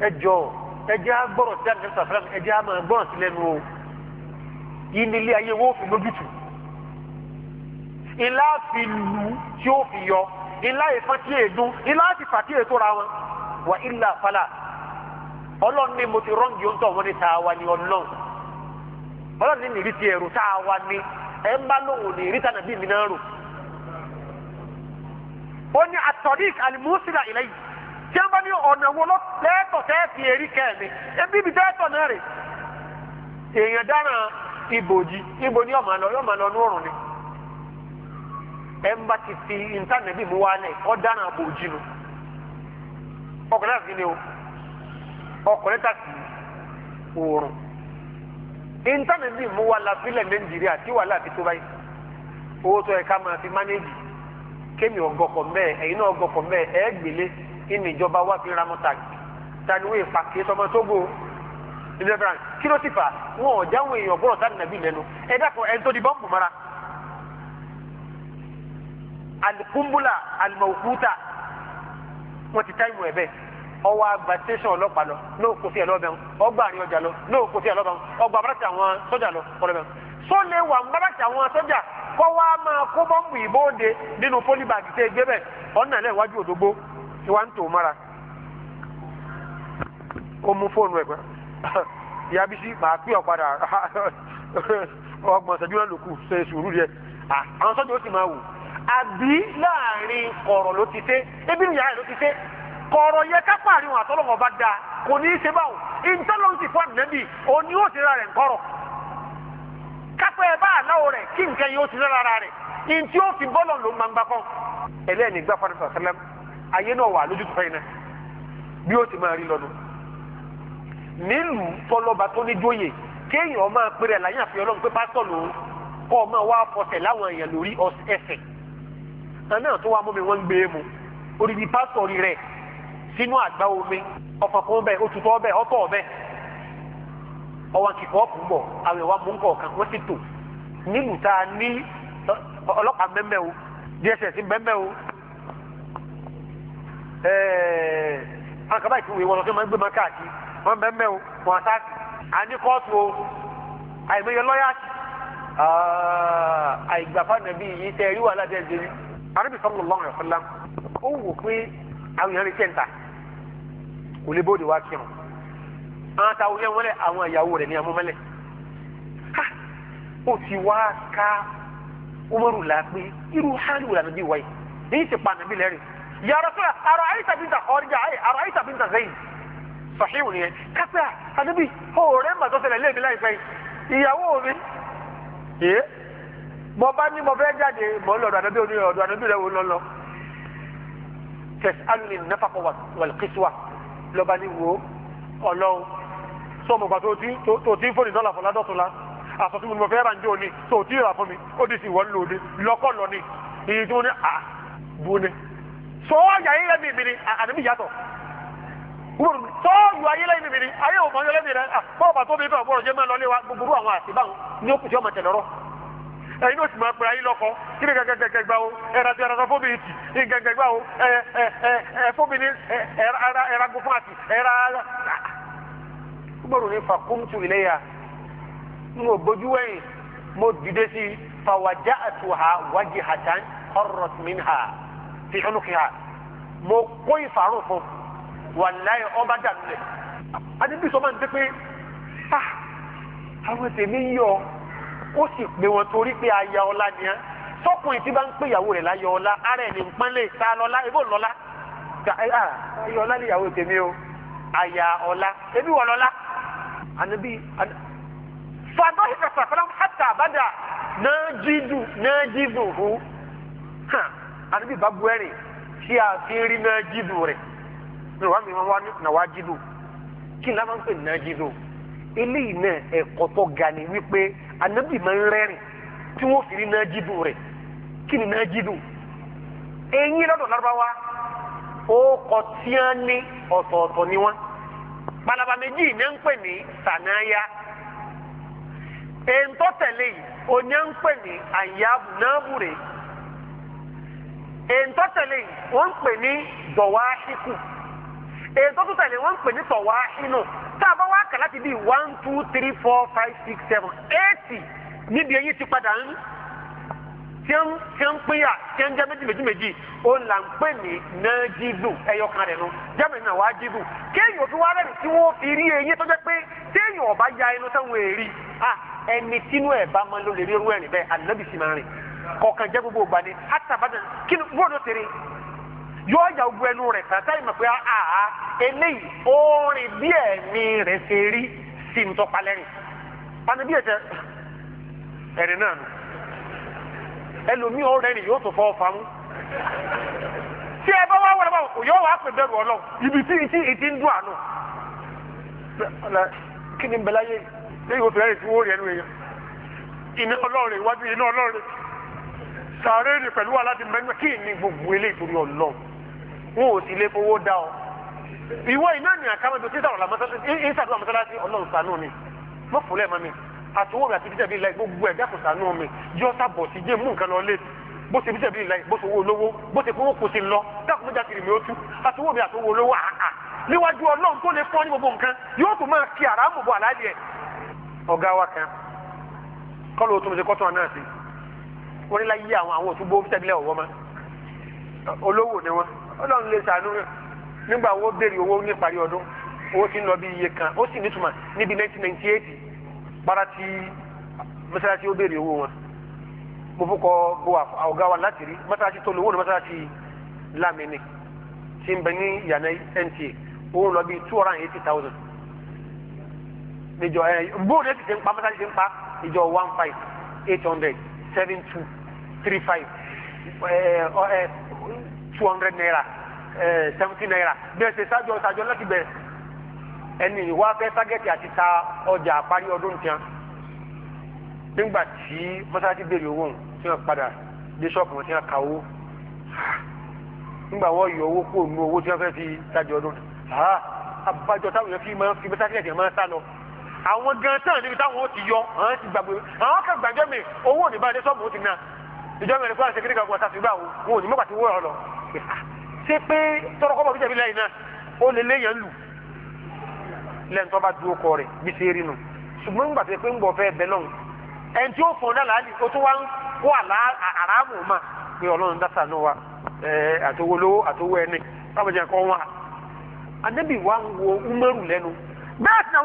ẹjọ́ ẹjẹ́ agbọ́rọ̀ sí àgbẹ̀ sàfẹ́ràn ẹjẹ́ a máa gbọ́rọ̀ sí lẹ́nu o yìí ní ilé ayé wọ́n fi lójútù ilá fi lù tí ó fi yọ ilá ìfọ́n tí èdún ilá ti fà tí ètò ra wọn wà ilà fàlà ọlọ́run mo ti rọ́ǹgì ó ń tọ̀ wọ́n ní ta ni ọlọ́run bọ́lá ní nìrí ti ẹ̀rù tá a wá ní ẹ̀ ń bá lóhùn nìrí tànà bí mi náà rò. ó ní àtọ̀dík àlìmúsílà ilẹ̀ yìí tí wọ́n bá ní ọ̀nà wo lọ lẹ́ẹ̀tọ̀ tẹ́ fi kẹ́ẹ̀mí ẹbí ibi tẹ́ẹ̀tọ̀ náà rè èèyàn dára ibòji ibo ni ọmọ lọ yọmọ lọ nùrùn ni ẹ ń bá ti fi ìntánẹ́bì mú wa lẹ̀ ọ́ dára ibòji nu ọkùnrin àti ni o ọkùnrin tàbí òòrùn intanet bí mu wà láfílẹ̀ nàìjíríà tí wàhálà ti tó báyìí owó tó yẹ ká máa fi mánéjì kémi ọgọkọ mẹ́ẹ̀ ẹ̀yin náà ọgọkọ mẹ́ẹ̀ ẹ̀ gbélé ìníjọba wà fi ramọ́ tàgì taniwo ìfà kí tọmọ tó gbó ilé kí ló ti fà wọn ò jáwé èèyàn gbọ́dọ̀ tá nàbí lẹ́nu ẹ dákọ̀ ẹ̀ tó di bọ́ǹpù mara, alikumbula alimawukuta wọn ti táìmù ẹ̀ bẹ́ẹ̀. ọwọ́ àgbà tẹ̀sán ọlọ́pàá lọ náà kò sí ẹ̀ lọ́bẹ̀ ọgbà àrí ọjà lọ náà kò sí ẹ̀ lọ́bẹ̀ ọgbà àwọn sọ́jà lọ ọlọ́bẹ̀ sọ́lẹ̀ wà abáràtì àwọn sọ́jà kọ́ wá máa kó bọ́ǹbù nínú pólíbàgì tẹ́ gbé bẹ́ẹ̀ ọ̀nà tí wàá ń tò mọ́ra ó mú fóònù [LAUGHS] [LAUGHS] kọ̀ọ̀rọ̀ yẹ ká pàrin wọn àtọ́lọ́wọ́ bá dáa kò ní í ṣe báwọn intanọ́ọ̀sì fún àdínẹ́bì òní ó ti ra rẹ̀ ńkọ́rọ̀ kápẹ́ ẹ bá àláwọ̀ rẹ̀ kí nǹkan yìí ó ti rárá rẹ̀ ntí ó fi bọ́ọ̀lù ló máa ń gbà kán ẹlẹ́ni gbà fún àdínẹ́bì ayé náà wà lójú tó yẹn náà bí ó ti máa rí lọ́nu nílùú tọlọba tó ní jóyè kéèyàn máa pèrè àlàyé ọlọ́run pé pásítọ̀ sínú àgbá omi ọfọ fún bẹ́ẹ̀ otutọ bẹ́ẹ̀ ọtọ bẹ́ẹ̀ ọwọn kìkọ ọpù bọ àwọn ìwà mú wọn tò ní ọlọpàá mẹmẹ o DSS mẹmẹ o akaba máa o wọn àtàkì àní kóòtù o àìmọye yìí ẹ̀rí wà ládẹ́ẹ̀dẹ́rí ẹ̀fọ́lá ó wò àwọn èèyàn retí ẹ̀ ń ta kò lè bóde wá kírun àwọn àtàwọn yẹn wọlé àwọn ìyàwó rẹ̀ ní amúmọ́lẹ̀ ha ó ti wá ká umaru la pé irú hali wò lànà bí wáyé ní ìsèpá nàbí lẹ́rìn ya rasulullah ara'aita binta kharija ay ara'aita binta zayd sahihu nìyẹn kápẹ́ àdébí ọ̀rẹ́ màtọ́ ṣẹlẹ̀ léèmí láìpẹ́ ìyàwó mi yé mo bá ní mo fẹ́ jáde mo ń lọ ọ̀dọ̀ àdébí oníyọ̀ ọ̀dọ̀ àdébí rẹ̀ wò lọ́lọ́ tẹ̀sánmi nàfàkọ wàlùkísíwà lọ́ba ní wo ọlọ́run sọ mọ̀gbà tó ti fóònù dọ́là fún ládọ́túnla àsọtí mo fẹ́ ra njó ni tó ti rà fún mi ó di sí ìwọ lòdì lọ́kọ́ lọ ni iye tí mo ní à ah, bu ni. sọ ayé ayé mi mi ni ah, àdébí yàtọ̀ sọ ayé ayé ayé mi mi ni ayé òmò ayé ayé mi rẹ ah, bọ́ọ̀bà tó mi fẹ́ ọ̀bọ̀rọ̀ jẹ́ mẹ́rin lọ́lé wa gbogbo àwọn àtibáwọn ní ó kù sí ọmọ tẹ̀lọ́rọ́ ẹ̀yin ló sì máa pèrè ayé lọ́kọ kí ni gẹ́gẹ́gẹ́gẹ́ gbà o ẹ̀rọ ti ẹ̀rọ fóbi ìtì ní gẹ́gẹ́ gbà o ẹ̀ ẹ̀ ẹ̀ fóbi ní ẹ̀rọ ago fún àti ẹ̀rọ ara. gbọ́dọ̀ ní fàkúntù ilé ya n ò gbójú wẹ̀yìn mo dìde sí fàwájà àtúhà wájì hàtàn ọ̀rọ̀t minha fi ọ̀nùkìhà mo kó ìfàrùn fún wàláyé ọba dànù rẹ̀ àti ń dé pé ah àwọn tèmi yọ ó sì pé wọn torí pé aya ọlá ni ẹ sọkùnrin tí bá ń pè ìyàwó rẹ̀ láyọ̀ ọlá ara ẹ̀ ní pọ́nlé ìta lọ́lá ebó lọ́lá ah, ayọ̀ ọlá ni ìyàwó tèmi o aya ọlá ebi wọ lọ́lá ànábi fàdó ìfẹsẹ̀ fẹlẹ́ hàtà àbádà náà jíjù náà jíjù hù ànábi bá bu ẹ̀rìn tí a fi rí náà jíjù rẹ̀ ní wàá mi wá náà wá jíjù kí n lábàá ń pè náà jíjù eléyìí náà ẹ̀kọ́ tó ga ni wípé anabi máa ń rẹ́rìn tí wọ́n fi ní náà jídùn rẹ̀ kí ni náà jídùn eyín lọ́dọ̀ lárúbáwá ó kọ tí wọ́n ní ọ̀tọ̀ọ̀tọ̀ ni wọ́n palaba méjì ní ń pè ní sànáyà èyí tó tẹ̀lé yìí oní ń pè ní àyàbù náà bùrẹ̀ èyí tẹ̀lé yìí wọ́n ń pè ní dọ̀wáṣíkù. ètò tó tẹ̀lé wọ́n ń pè ní tọ̀wá inú tá a bá wá kà láti bíi one two three four five six seven eighty níbi eyín ti padà ń tí ń pínyà tí ń jẹ́ méjì méjì méjì ó là ń pè ní nájídù ẹyọkan rẹ̀ nu jẹ́mi náà wá jídù kéèyàn fi wá rẹ̀rìn tí wọ́n fi rí eyín tó jẹ́ pé téèyàn ọ̀bá ya inú sẹ́wọ̀n èrí ẹni tínú ẹ̀ bá máa ń lò lè rí irú ẹ̀rìn bẹ́ẹ̀ yóò yà gbogbo ẹnu rẹ̀ tàtà ìmọ̀ pé àá eléyìí orin bí ẹ̀mí rẹ̀ ṣe rí sí ní tọ́palẹ́rìn pàtó bí ẹ̀jẹ̀ ẹ̀rìn náà nù ẹlòmíì ọ̀rẹ́ ni yóò tó fọ́ ọ̀fà mú tí ẹ bá wá wọlé báwọn kò yọ wá pè bẹ̀rù ọlọ́run ibi tí ìtì ìtì ń dùn àná kí ni bẹ̀lá yé lẹ́yìn oṣù lẹ́yìn tí wọ́n rí ẹnu èèyàn iná ọlọ́run iwájú iná ọlọ́run sàárè ni pẹ̀lú wa kí ni gbogbo eléyìí torí ọlọ́run wọn ò sì lè fowó dá ọ ìwọ iná ní àkàmọ́tò tí sàrọ̀lá ìsàdúrà mọ́sálásí ọlọ́run sànú mi mọ́ fúnlẹ̀ mọ́ mi àtúwò mi àti bíjà bíi láì gbogbo ẹ̀dá kò sànú mi yọ sábọ̀ sí jẹ́ mú nǹkan lọ lé bó ṣe bíjà bíi láì bó ṣe owó olówó bó ṣe fowó kò sí lọ dákun mọ́jà kiri mi ó tú àtúwò mi àtúwò olówó àhà níwájú ọlọ́run tó lè fọ́ ní gbogbo nǹkan yóò tún máa kí àràmù bọ̀ àlàyé ẹ̀ ọ̀gá wa kan kọ́lù tó ń ṣe kọ́tún àná sí wọ́n ní láyé àwọn àwọn òtún bó bíjà bíi ọ̀wọ́ ma olówó ni wọ́n ọlọ́run lè sànú nígbà wo béèrè owó ní ìparí ọdún owó ti ń lọ bí iye kan ó sì nítumọ̀ níbi 1998 para ti mọ́sálásí ó béèrè owó wọn mo fọkọ bo ọ̀gá wa láti rí mọ́sálásí tó lówó ní mọ́sálásí ń bẹ ní ìyànà nta ó lọ bí níjọ ẹ bóun ẹ ti ṣe ń pa ń pa one five eight two hundred naira eh, seventy naira bẹ́ẹ̀ ṣe ṣáájú ọ̀ṣájú láti bẹ̀rẹ̀ ẹni ìwà fẹ́ ságẹ́tì àti ta ọjà àparí ọdún tiẹ̀ nígbà tí mọ́sáàtì béèrè owó tí wọ́n padà dé ṣọ́ọ̀bù wọn tí wọ́n ka owó nígbà wọ́n yọ owó kó nu owó tí wọ́n fẹ́ fi tajà ọdún abájọ táwọn yẹn fi máa fi mọ́sáàtì ẹ̀jẹ̀ máa sá lọ àwọn gan tán níbi táwọn ó ti yọ àwọn ti gbàgbé àwọn kan gbàgbé mi owó ò ní bá dé ṣọ́ọ̀bù ó ti ná ìjọba ẹ̀rẹ́ fún àṣẹ kíníkà ọgbọ̀n sàfihàn wọn ò ní mọ́pàá ti wó ọ̀rọ̀ lọ. Ah, ṣé pé tọrọkọ́bọ̀ bíjà bíláyìí náà ó lè léyàn lù lẹ́ńtọ́ bá dúró kọ rẹ̀ bí ṣe rí nu ṣùgbọ́n ń gbàtẹ́ pé ń bọ̀ fẹ́ ẹni tí ó fún náà láàlì ó tún wá ń kó àràmù mà pé ọlọ́run dáta wa lówó wa wo umaru lẹ́nu bẹ́ẹ̀ sì náà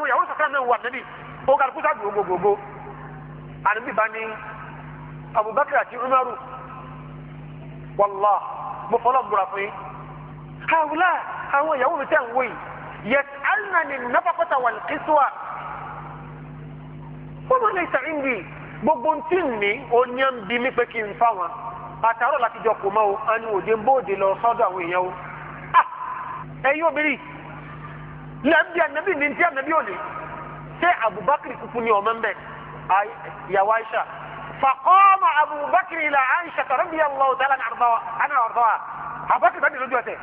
wà anabi ó kàdé mo fọlọ́ múra fún yín. àwùlá àwọn ìyàwó mi tẹ̀ ń wò yìí yẹt alina ni nafakọta wà kíkúwa. wọ́n mọ̀ ní ìsàrin bíi gbogbo ntí ní oníyàn bí mi pé kí n fa wọn àtàrọ̀ láti jọ kò mọ́ o a ní òde bóde lọ sọ́dọ̀ àwọn èèyàn o. Ah! ẹ̀yin obìnrin lẹ́ẹ̀bí ànábì ní ntí ànábì òní ṣé Abubakar kúkú ni ọmọ ń bẹ̀ ìyàwó Aisha. فقام أبو بكر إلى عائشة رضي الله تعالى عنها وأرضاها أبو بكر بني لجوة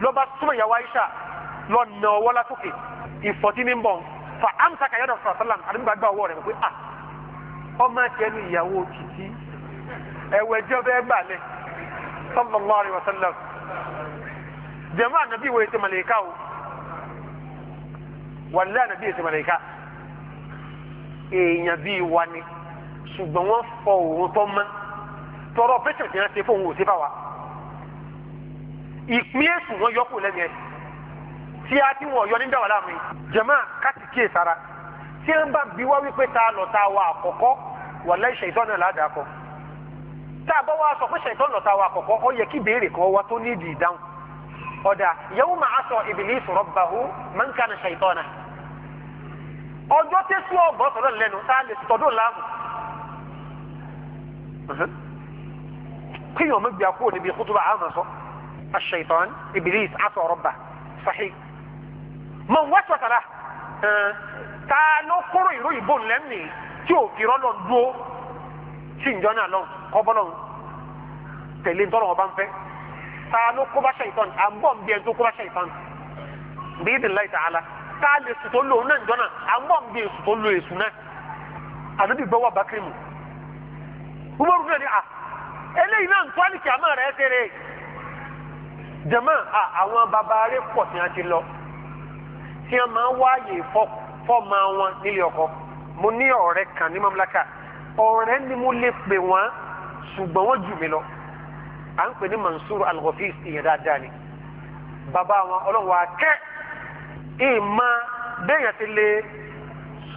لو بسم يا عائشة لو نولا سكي ìfọ̀tí ní bọ̀ فأمسك يده صلى الله عليه وسلم àdúgbò àgbà ọwọ́ rẹ̀ pé ah ọmọ tiẹ̀ ní ìyàwó kìkì ẹ̀wẹ̀ jẹ́ bẹ́ẹ̀ gbà lẹ̀ sallallahu alaihi wasallam jẹ̀mọ́ ànábì wo ètò màlẹ́ká o wàlẹ́ ànábì ètò màlẹ́ká èèyàn bíi wa ni ṣùgbọ́n wọ́n fọ òun tó mọ́ tọrọ pẹ́sẹ̀ tí wọ́n ṣe fóun ò sí fáwa ìpín èsù wọn yọ kó lẹ́nu ẹ̀ tí a ti wọ̀n yọ ní dáwà láàmú yìí jẹ̀mọ́ káàtì kíyè sára tí wọ́n bá bí wá wípé ta lọ ta wa àkọ́kọ́ wà láì ṣètọ́ náà ládàá kọ tá a bá wá sọ pé ṣètọ́ lọ ta wa àkọ́kọ́ ó yẹ kí béèrè kan wá tó ní ìdí ìdáhùn ọ̀dà yẹ́wò máa sọ Ìbílísì rabbahu man kana ṣètọ́ náà ọjọ́ tẹ́sí ọgbọ́n sọ̀rọ̀ kéèyàn ọmọ gbé akó níbi kútu bá sọ aṣèitán ibilis aṣọ rọba sahi mọ n wá sọtara ta ló kóró ìró ìbò lẹ́mìí tí ò fi rọ́lọ́ dúró sí ìjọ náà lọ kọ́bọ́lọ́ tẹ̀lé ntọ́nà ọba ń koba ta ló kó bá koba à ń bọ̀ ń ala ẹ tó kó umaru náà ni a ah, eléyìí náà ntọ́ ni kìámà rẹ̀ ṣeré jẹ̀mọ́ a àwọn bàbá rẹ̀ pọ̀ tí wọ́n ti lọ tí wọ́n máa ń wáyè fọ́ọ̀mà wọn nílé ọkọ mo ní ọ̀rẹ́ kan ní mamlaka ọ̀rẹ́ ni mo lè pè wọ́n ṣùgbọ́n wọ́n jù mí lọ à ń pè ní Mansur Al-Ghafis ìyẹn dáadáa ni bàbá wọn ọlọ́wọ́ akẹ́ ìmọ̀ bẹ́ẹ̀ yẹn ti lè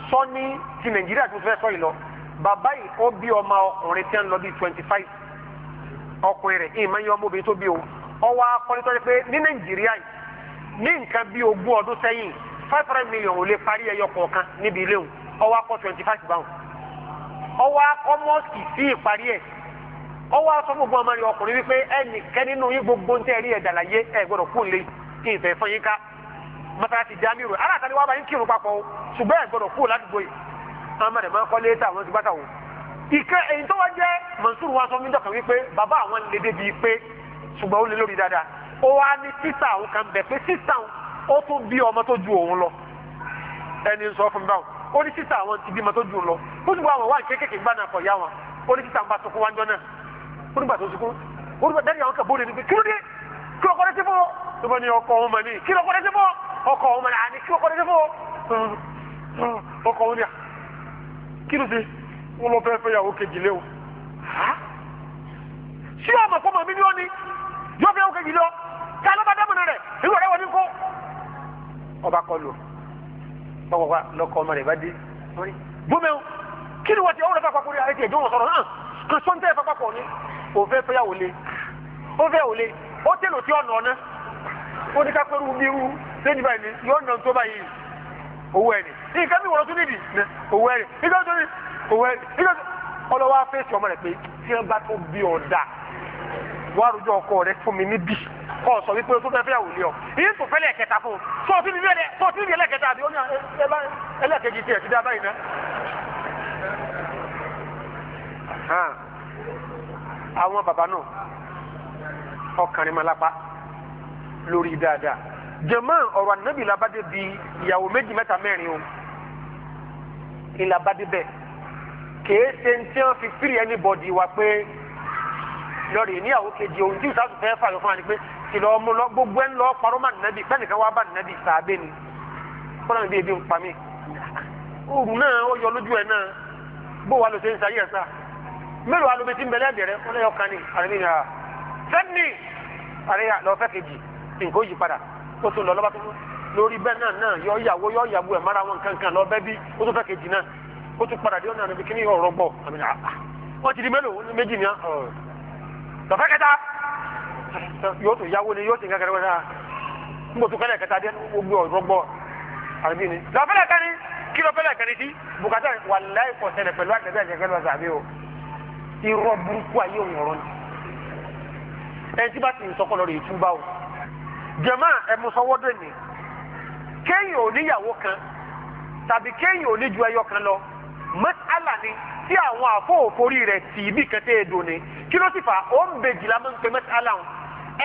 sọ ní ti Nàìjíríà tó fẹ́ sọ yìí lọ. baba yìí ó bí ọmọ ọkùnrin tí ń lọ bí twenty five ọkùnrin rẹ̀ ìmọ̀ yẹn ọmọbìnrin tó bí o ọwọ́ akọ́nitọ́ pé ní nàìjíríà yìí ní nǹkan bí ogún ọdún sẹ́yìn five hundred million lè parí ẹyọ kọ̀ọ̀kan níbi ilé òun ọwọ́ akọ́ twenty five báwọn ọwọ́ akọ́ mọ́ọ̀sì sí ìparí ẹ̀ gbogbo ọmọ ọkùnrin wípé ẹnìkẹ́ nínú yín gbogbo ń gbọ́dọ̀ kú lé fún yín ká mọ́tàlá ti dá mi rò amadu ma kọ́ létà wọn ti bá tàwọn. ìkẹ́ èyí tó wá jẹ́ Mansur wa sọ mí dọ̀kan wípé bàbá àwọn lè débi pé ṣùgbọ́n ó lè lórí dáadáa ó wá ní sísà àwọn kan bẹ̀ pé sísà àwọn ó tún bí ọmọ tó ju òun lọ ẹni sọ fún mi báwọn ó ní sísà àwọn ti bí ọmọ tó ju òun lọ ó sì wá àwọn wá kéékèèké gbá náà kọ̀ ya wọn ó ní sísà àwọn bá sunkún wájọ náà ó ní [LAUGHS] kí ló dé wọn lọ fẹ́ẹ́ fẹ́yàwó kejì lé o ṣé ọmọ fọmọ mi ni ó ní yóò fẹ́yàwó kejì lé o ká ló bá dámọ̀nà rẹ̀ ìwọ rẹ̀ wọ ní kó ọba kọlu ọwọ́ wa lọ́kọ ọmọ rẹ̀ bá dé bómẹ́wò kí ni wọ́n ti ọwọ́ rẹ̀ fà papọ̀ ẹ̀dùn ọ̀sọ̀rọ̀ náà kò sọ́ńtẹ́ fà papọ̀ ni òfẹ́ fẹ́yàwó lé òfẹ́ òlé ó tẹ̀lé òtí ọ̀nà ọ̀nà ó ní ká pẹ́rù bí irú lẹ́yìn báyìí yóò nà tó báyìí owó ẹ̀ nìyí nǹkan mi wọ́n tún nídìí owó ẹ̀rì nǹkan tó ní owó ẹ̀rì nǹkan tó ọlọ́wọ́ afẹ́sì ọmọ rẹ̀ pé tí wọ́n bá tó bí ọ̀dà wọ́n arúgbó ọkọ rẹ̀ fún mi níbí kọ́ ọ sọ wípé o tó fẹ́ fẹ́ àwòlé ọ yìí tó fẹ́ lẹ́ẹ̀kẹta fún o tó o ti níbi tó o ti níbi ẹlẹ́ẹ̀kẹta àbí ọ̀nà ẹlẹ́ẹ̀kẹjì tiẹ̀ ti dá báyìí ná. àwọn bàbá náà ọkànrin malapa lórí dáadáa jẹ̀mọ́ ọ̀rọ̀ ànábìlà bá dé bi ìyàwó méjì mẹ́ta mẹ́rin o ìlàbádìbẹ̀ kèé ṣe ń tí wọ́n fi fírì anybody wa pé lọ́ọ̀rì ìníyàwó kejì ohun tí ìsàtún fẹ́ fàyọ fún wa ni pé kì lọ́ọ́ mú lọ gbogbo ẹ̀ ń lọ́ọ́ parọ́ mà nàbì pẹ́ẹ́nìkan wá bá nàbì sàábẹ́ ni kọ́nà mi bí ebi ń pa mí òòrùn náà ó yọ lójú ẹ̀ náà bó wa ló ṣe ń sayé ẹ̀ sá mélòó alomi ti ń bẹ̀lẹ́ ẹ̀dẹ̀rẹ́ ó lẹ́yọ̀ kan ní àrẹ́mí ni sẹ́ni ah, àrẹ́yà lọ́ọ́ fẹ́ kejì nǹkan ó yí padà ó tún lọ lọ́ba lórí bẹ́ẹ̀ náà náà yọ ìyàwó yọ ìyàwó ẹ̀ mara wọn kankan lọ bẹ́ẹ̀ bí ó tó fẹ́ kejì náà ó tún padà dé ọ̀nà àná bíkíní ọ̀rọ̀ gbọ̀ àmì náà ah, wọ́n ti di mélòó méjì ni lọ́fẹ́ kẹta yóò tún yáwó ni yóò tún kẹkẹrẹ wẹ́n náà n bò tún kẹlẹ̀ kẹta dé gbogbo ọ̀rọ̀ gbọ̀ àmì ni lọ́fẹ́lẹ̀ kẹni kí lọ́fẹ́lẹ̀ kẹni sí bùkátà wàláì kọ̀sẹ̀lẹ̀ pẹ̀lú àtẹ̀bẹ̀ àjẹkẹ́lẹ́ ọ̀sà àbí o irọ́ burúkú ayé òun ọ̀rọ̀ ni ẹni tí bá ti ń sọkọ lọ rè é túbá o jẹ̀má ẹ̀mú sọwọ́dẹ̀ ni kéèyàn ò níyàwó kan tàbí kéèyàn ò ní ju ẹyọ kan lọ mọ́sálà ni tí àwọn àfọwòforí rẹ̀ tì í bí kan tẹ́ ẹ ni kí ló sì fà ó ń bèjì la máa ń pe mọ́sálà wọn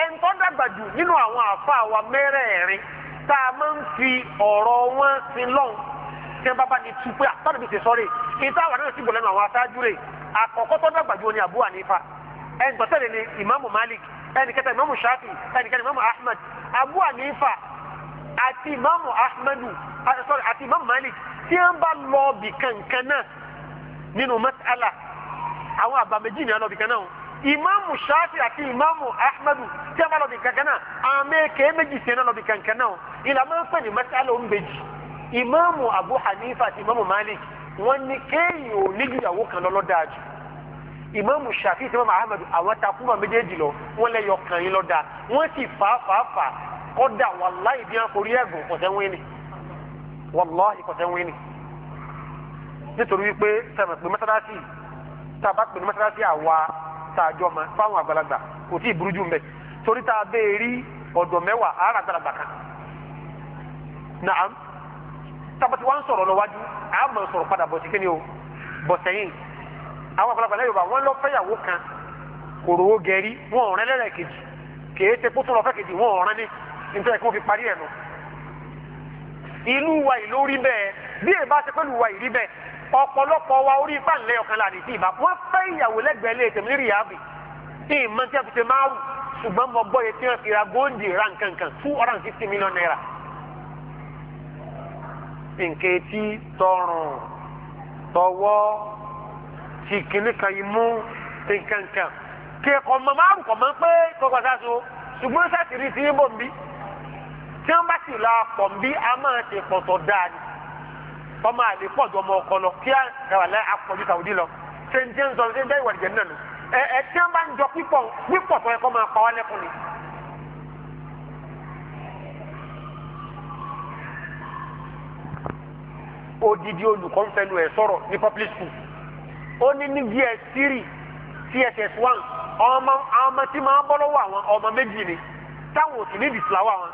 ẹni tó dàgbà jù nínú àwọn àfa wa mẹ́rẹ̀ẹ̀rin tá a máa ń fi ọ̀rọ̀ wọn sin lọ́hùn tí bá bá ní tu pé àtàlù ah, bí ṣe sọ́ọ̀rì ìta àwọn náà sì gbọ̀ àwọn aṣáájú rẹ̀ àkọ́kọ́ tó dàgbà jù ni Abu Hanifa ẹni gbọ́sẹ̀ ni Imam Malik ẹni kẹta Imam Shafi ẹni kẹta Imam Ahmad Abu Hanifa àti ìmáàmù ahmadu sorry àti ìmáàmù malik tí wọ́n bá lọ bì kankan náà nínú mas'ala àwọn àbá méjì ni wọ́n lọ bì kankan náà ìmáàmù shafi àti ìmáàmù ahmadu tí wọ́n bá lọ bì kankan náà àmì méjì sí wọ́n lọ bì kankan náà ìlà máa ń pè ní mas'ala òun méjì abu hanifa àti ìmáàmù malik wọ́n ní kéèyàn ò níjìyàwó kan lọ́lọ́ dáa jù ìmáàmù Ṣafi'i tí ìmáàmù Ahmad àwọn takuma méjèèjì lọ wọ́n lẹ́yọ̀ kàn yín lọ́dà wọ́n sì fà fà fà kọ́dà wàláì bí wọ́n forí ẹ̀gùn kọ̀tẹ́ wín ni wàláì kọ̀tẹ́ wín ni nítorí wípé sẹ̀mọ̀ pé mọ́sálásì tàbá pè ní mọ́sálásì àwa tààjọ́ ma fáwọn àgbàlagbà kò tí ì burú jù mbẹ́ torí tá a bẹ́ẹ̀ rí ọ̀dọ̀ mẹ́wàá àárà àgbàlagbà kan nàám tábàtí wọ́n sọ̀rọ̀ lọ́wájú àwọn àgbàlagbà lẹ́yìn yorùbá wọ́n lọ fẹ́yàwó kan kò rówó gẹ̀rí wọn ò rẹ́ lẹ́rẹ̀ kejì kèé ṣe kó tó lọ fẹ́ kejì wọn ò rẹ́ ní nítorí kí wọ́n fi parí ẹ̀ nù. ìlú wa ìlú rí bẹ́ẹ̀ bí èèbá ṣe pẹ́lú wa ìrí bẹ́ẹ̀ ọ̀pọ̀lọpọ̀ wa orí ipá ńlẹ̀ ọ̀kan láti ti ìbá wọ́n fẹ́ ìyàwó lẹ́gbẹ̀ẹ́ lé tèmi rí àbí ìmọ̀ tí a fi ṣe máa wù ṣùgbọ́n mo gbọ́ yẹ tí wọ́n fi ra góńdì ra nǹkan kan two hundred and fifty million naira nkè tí tọrùn tọwọ́ ìkíní kan imú kankan kí ẹkọ mọ márùn kọ mọ pé kọkọ sáso ṣùgbọ́n sátìrì sí ibò ń bí tí wọ́n bá sì la pọ̀ ń bí a máa ti pọ̀tọ̀ dáa ni ọmọ àlè pọ̀ ju ọmọ ọkọ lọ kí àwọn àlẹ́ àpọ̀jù sàwùdí lọ ṣe ń jẹ́ ń sọ ṣe ń jẹ́ ìwà ìjẹ́ náà nù ẹ ẹ tí wọ́n bá ń jọ pípọ̀ pípọ̀ tó yẹ kó máa pa wá lẹ́kùn ni. odidi olùkọ́ ń fẹnu ẹ̀ sọ̀rọ̀ ní public school ó ní ní vs three css one ọmọ ọmọ tí máa ń bọ́ lọ́wọ́ àwọn ọmọ méjì ni táwọn ò sì níbi ìfìlàwọ́ àwọn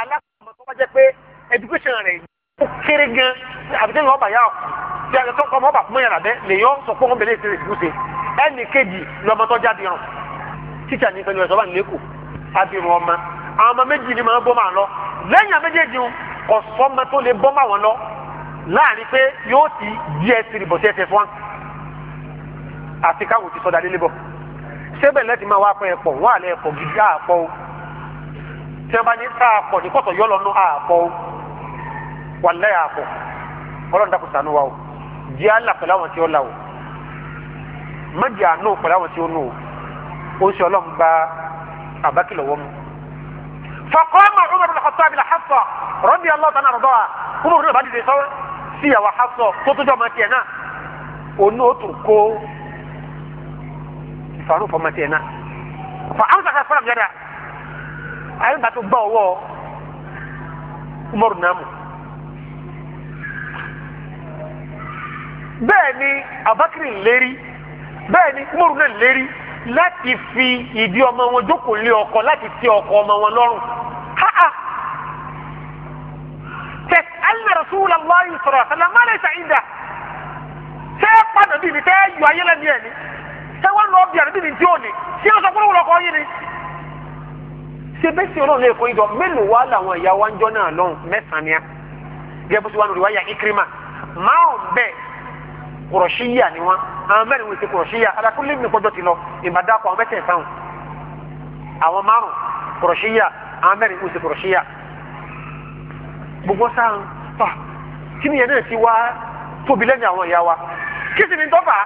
alákọ̀ọ́mọ tó bá jẹ́ pé education rẹ̀ ó kéré gan àbíkẹ́yìn ọba yà ọ̀kú tí a tó kọ́ ọba fún yàrá bẹ́ lèyàn sọ pé wọ́n bẹ̀rẹ̀ ìṣẹ̀lẹ̀ ìṣúṣe ẹnì kejì lọ́mọ tó jáde rán tíṣà ní ìfẹ́lẹ́ ọ̀sọ́ bá ń lẹ́kọ̀ọ́ abirùn ọmọ àwọn ọmọ méjì ni máa ń bọ́ máa lọ lẹ́yìn àméjèèjì ọ̀sọ́mọ tó lè bọ́ máa wọn lọ láàrin pé àti káwọ ti sọdá délé bọ sébẹ̀ lẹ́tì máa wá pẹ́ ẹ̀pọ̀ wọ́n àlẹ́ ẹ̀pọ̀ gidi àpọ̀ o tí wọ́n bá ní tá a pọ̀ ní kọ́tọ̀ yọ lọ́nu àpọ̀ o wà lẹ́yà àpọ̀ ọlọ́run dàpọ̀ sànú wa o jẹ́ àlà pẹ̀lú àwọn tí ó là o mẹ́jì àánú pẹ̀lú àwọn tí ó nù o ó ń ṣe ọlọ́run gba àbákìlọ̀ wọ́n mu. faqama Umar bin Khattab ila Hafsa radiyallahu ta'ala anha Umar bin Khattab faru fɔ mate na fa an saka fara gada a ye bato ba wɔ umaru namu bẹ́ẹ̀ ni abakiri lérí bẹ́ẹ̀ ni umaru náà lérí láti fi ìdí ọmọ wọn jókòó lé ọkọ láti tẹ ọkọ ọmọ wọn lọ́rùn ha ha tẹs alina rasulallah sọ̀rọ̀ àtàlámà lẹsà ìdá tẹ pàdánù bíi tẹ yọ ayélujára ni ṣé wọn lọ bí àdébí ni tí ò ní ṣé wọn sọ pé wọn lọ ni. ṣé bẹ́ẹ̀ sí ọlọ́run lẹ́ẹ̀kọ́ yìí jọ mélòó wá làwọn ìyá wa ń jọ náà lọ́hùn mẹ́sàn-án gẹ́gẹ́ bó ṣe wà lórí wáyà ìkírímà márùn bẹ́ẹ̀ kùrọ̀ṣíyà ni wọn àwọn mẹ́rin wọn ti kùrọ̀ṣíyà alákùnrin ní kọjọ́ ti lọ ìbàdàpọ̀ àwọn mẹ́tẹ̀ẹ̀ta hùn àwọn márùn kùrọ̀ṣíyà àwọn mẹ́rin wọn ti kùrọ̀ṣíyà gbogbo sáà ń fà kí ni yẹn náà ti wá tóbi lẹ́yìn àwọn ìyá wa kí sì ni tọ́fà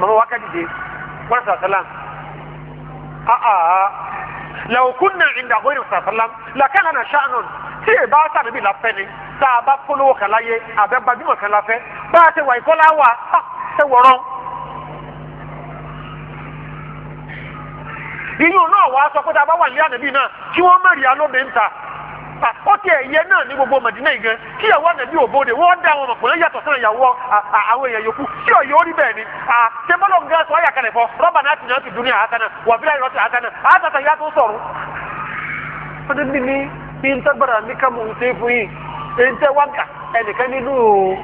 mama wa ka dìde wọ́n sọ sàlám aa ah, ah, ah. law kunna inda ghayri sàlám làkàlà nà sàánù tí èbá sàbẹ̀ bí lafẹ́ ni tá e a bá polówó kan láyé àbẹ́ gbajúmọ̀ kan láfẹ́ bá a ti wà ìkọ́lá wa ẹ wọ̀rọ̀. iyún náà wàá sọ pé tá a bá wà nílé ànábì náà kí wọ́n má rí ta ó ti ẹ̀yẹ náà ní gbogbo mọ̀dínà yìí gan kí ìyàwó ànàbí òbòde wọ́n dá àwọn ọmọkùnrin yàtọ̀ sọ́nà ìyàwó àwọn èèyàn yòókù tí ò yóò rí bẹ́ẹ̀ ni àtẹ̀bọ́lọ̀ ń gan sọ ayà fọ rọ́bà náà ti náà ti dúnìyà àtànà wà bílẹ̀ ìrọ̀tì àtànà àtàtà ìyá tó sọ̀rọ̀. ọdún bí mi bí n tẹ́gbàrà mi ká mo ń ṣe fún yìí èyí tẹ́ wá ẹnìkan nínú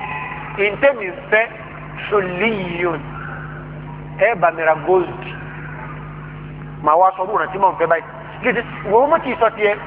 ìǹtẹ́mì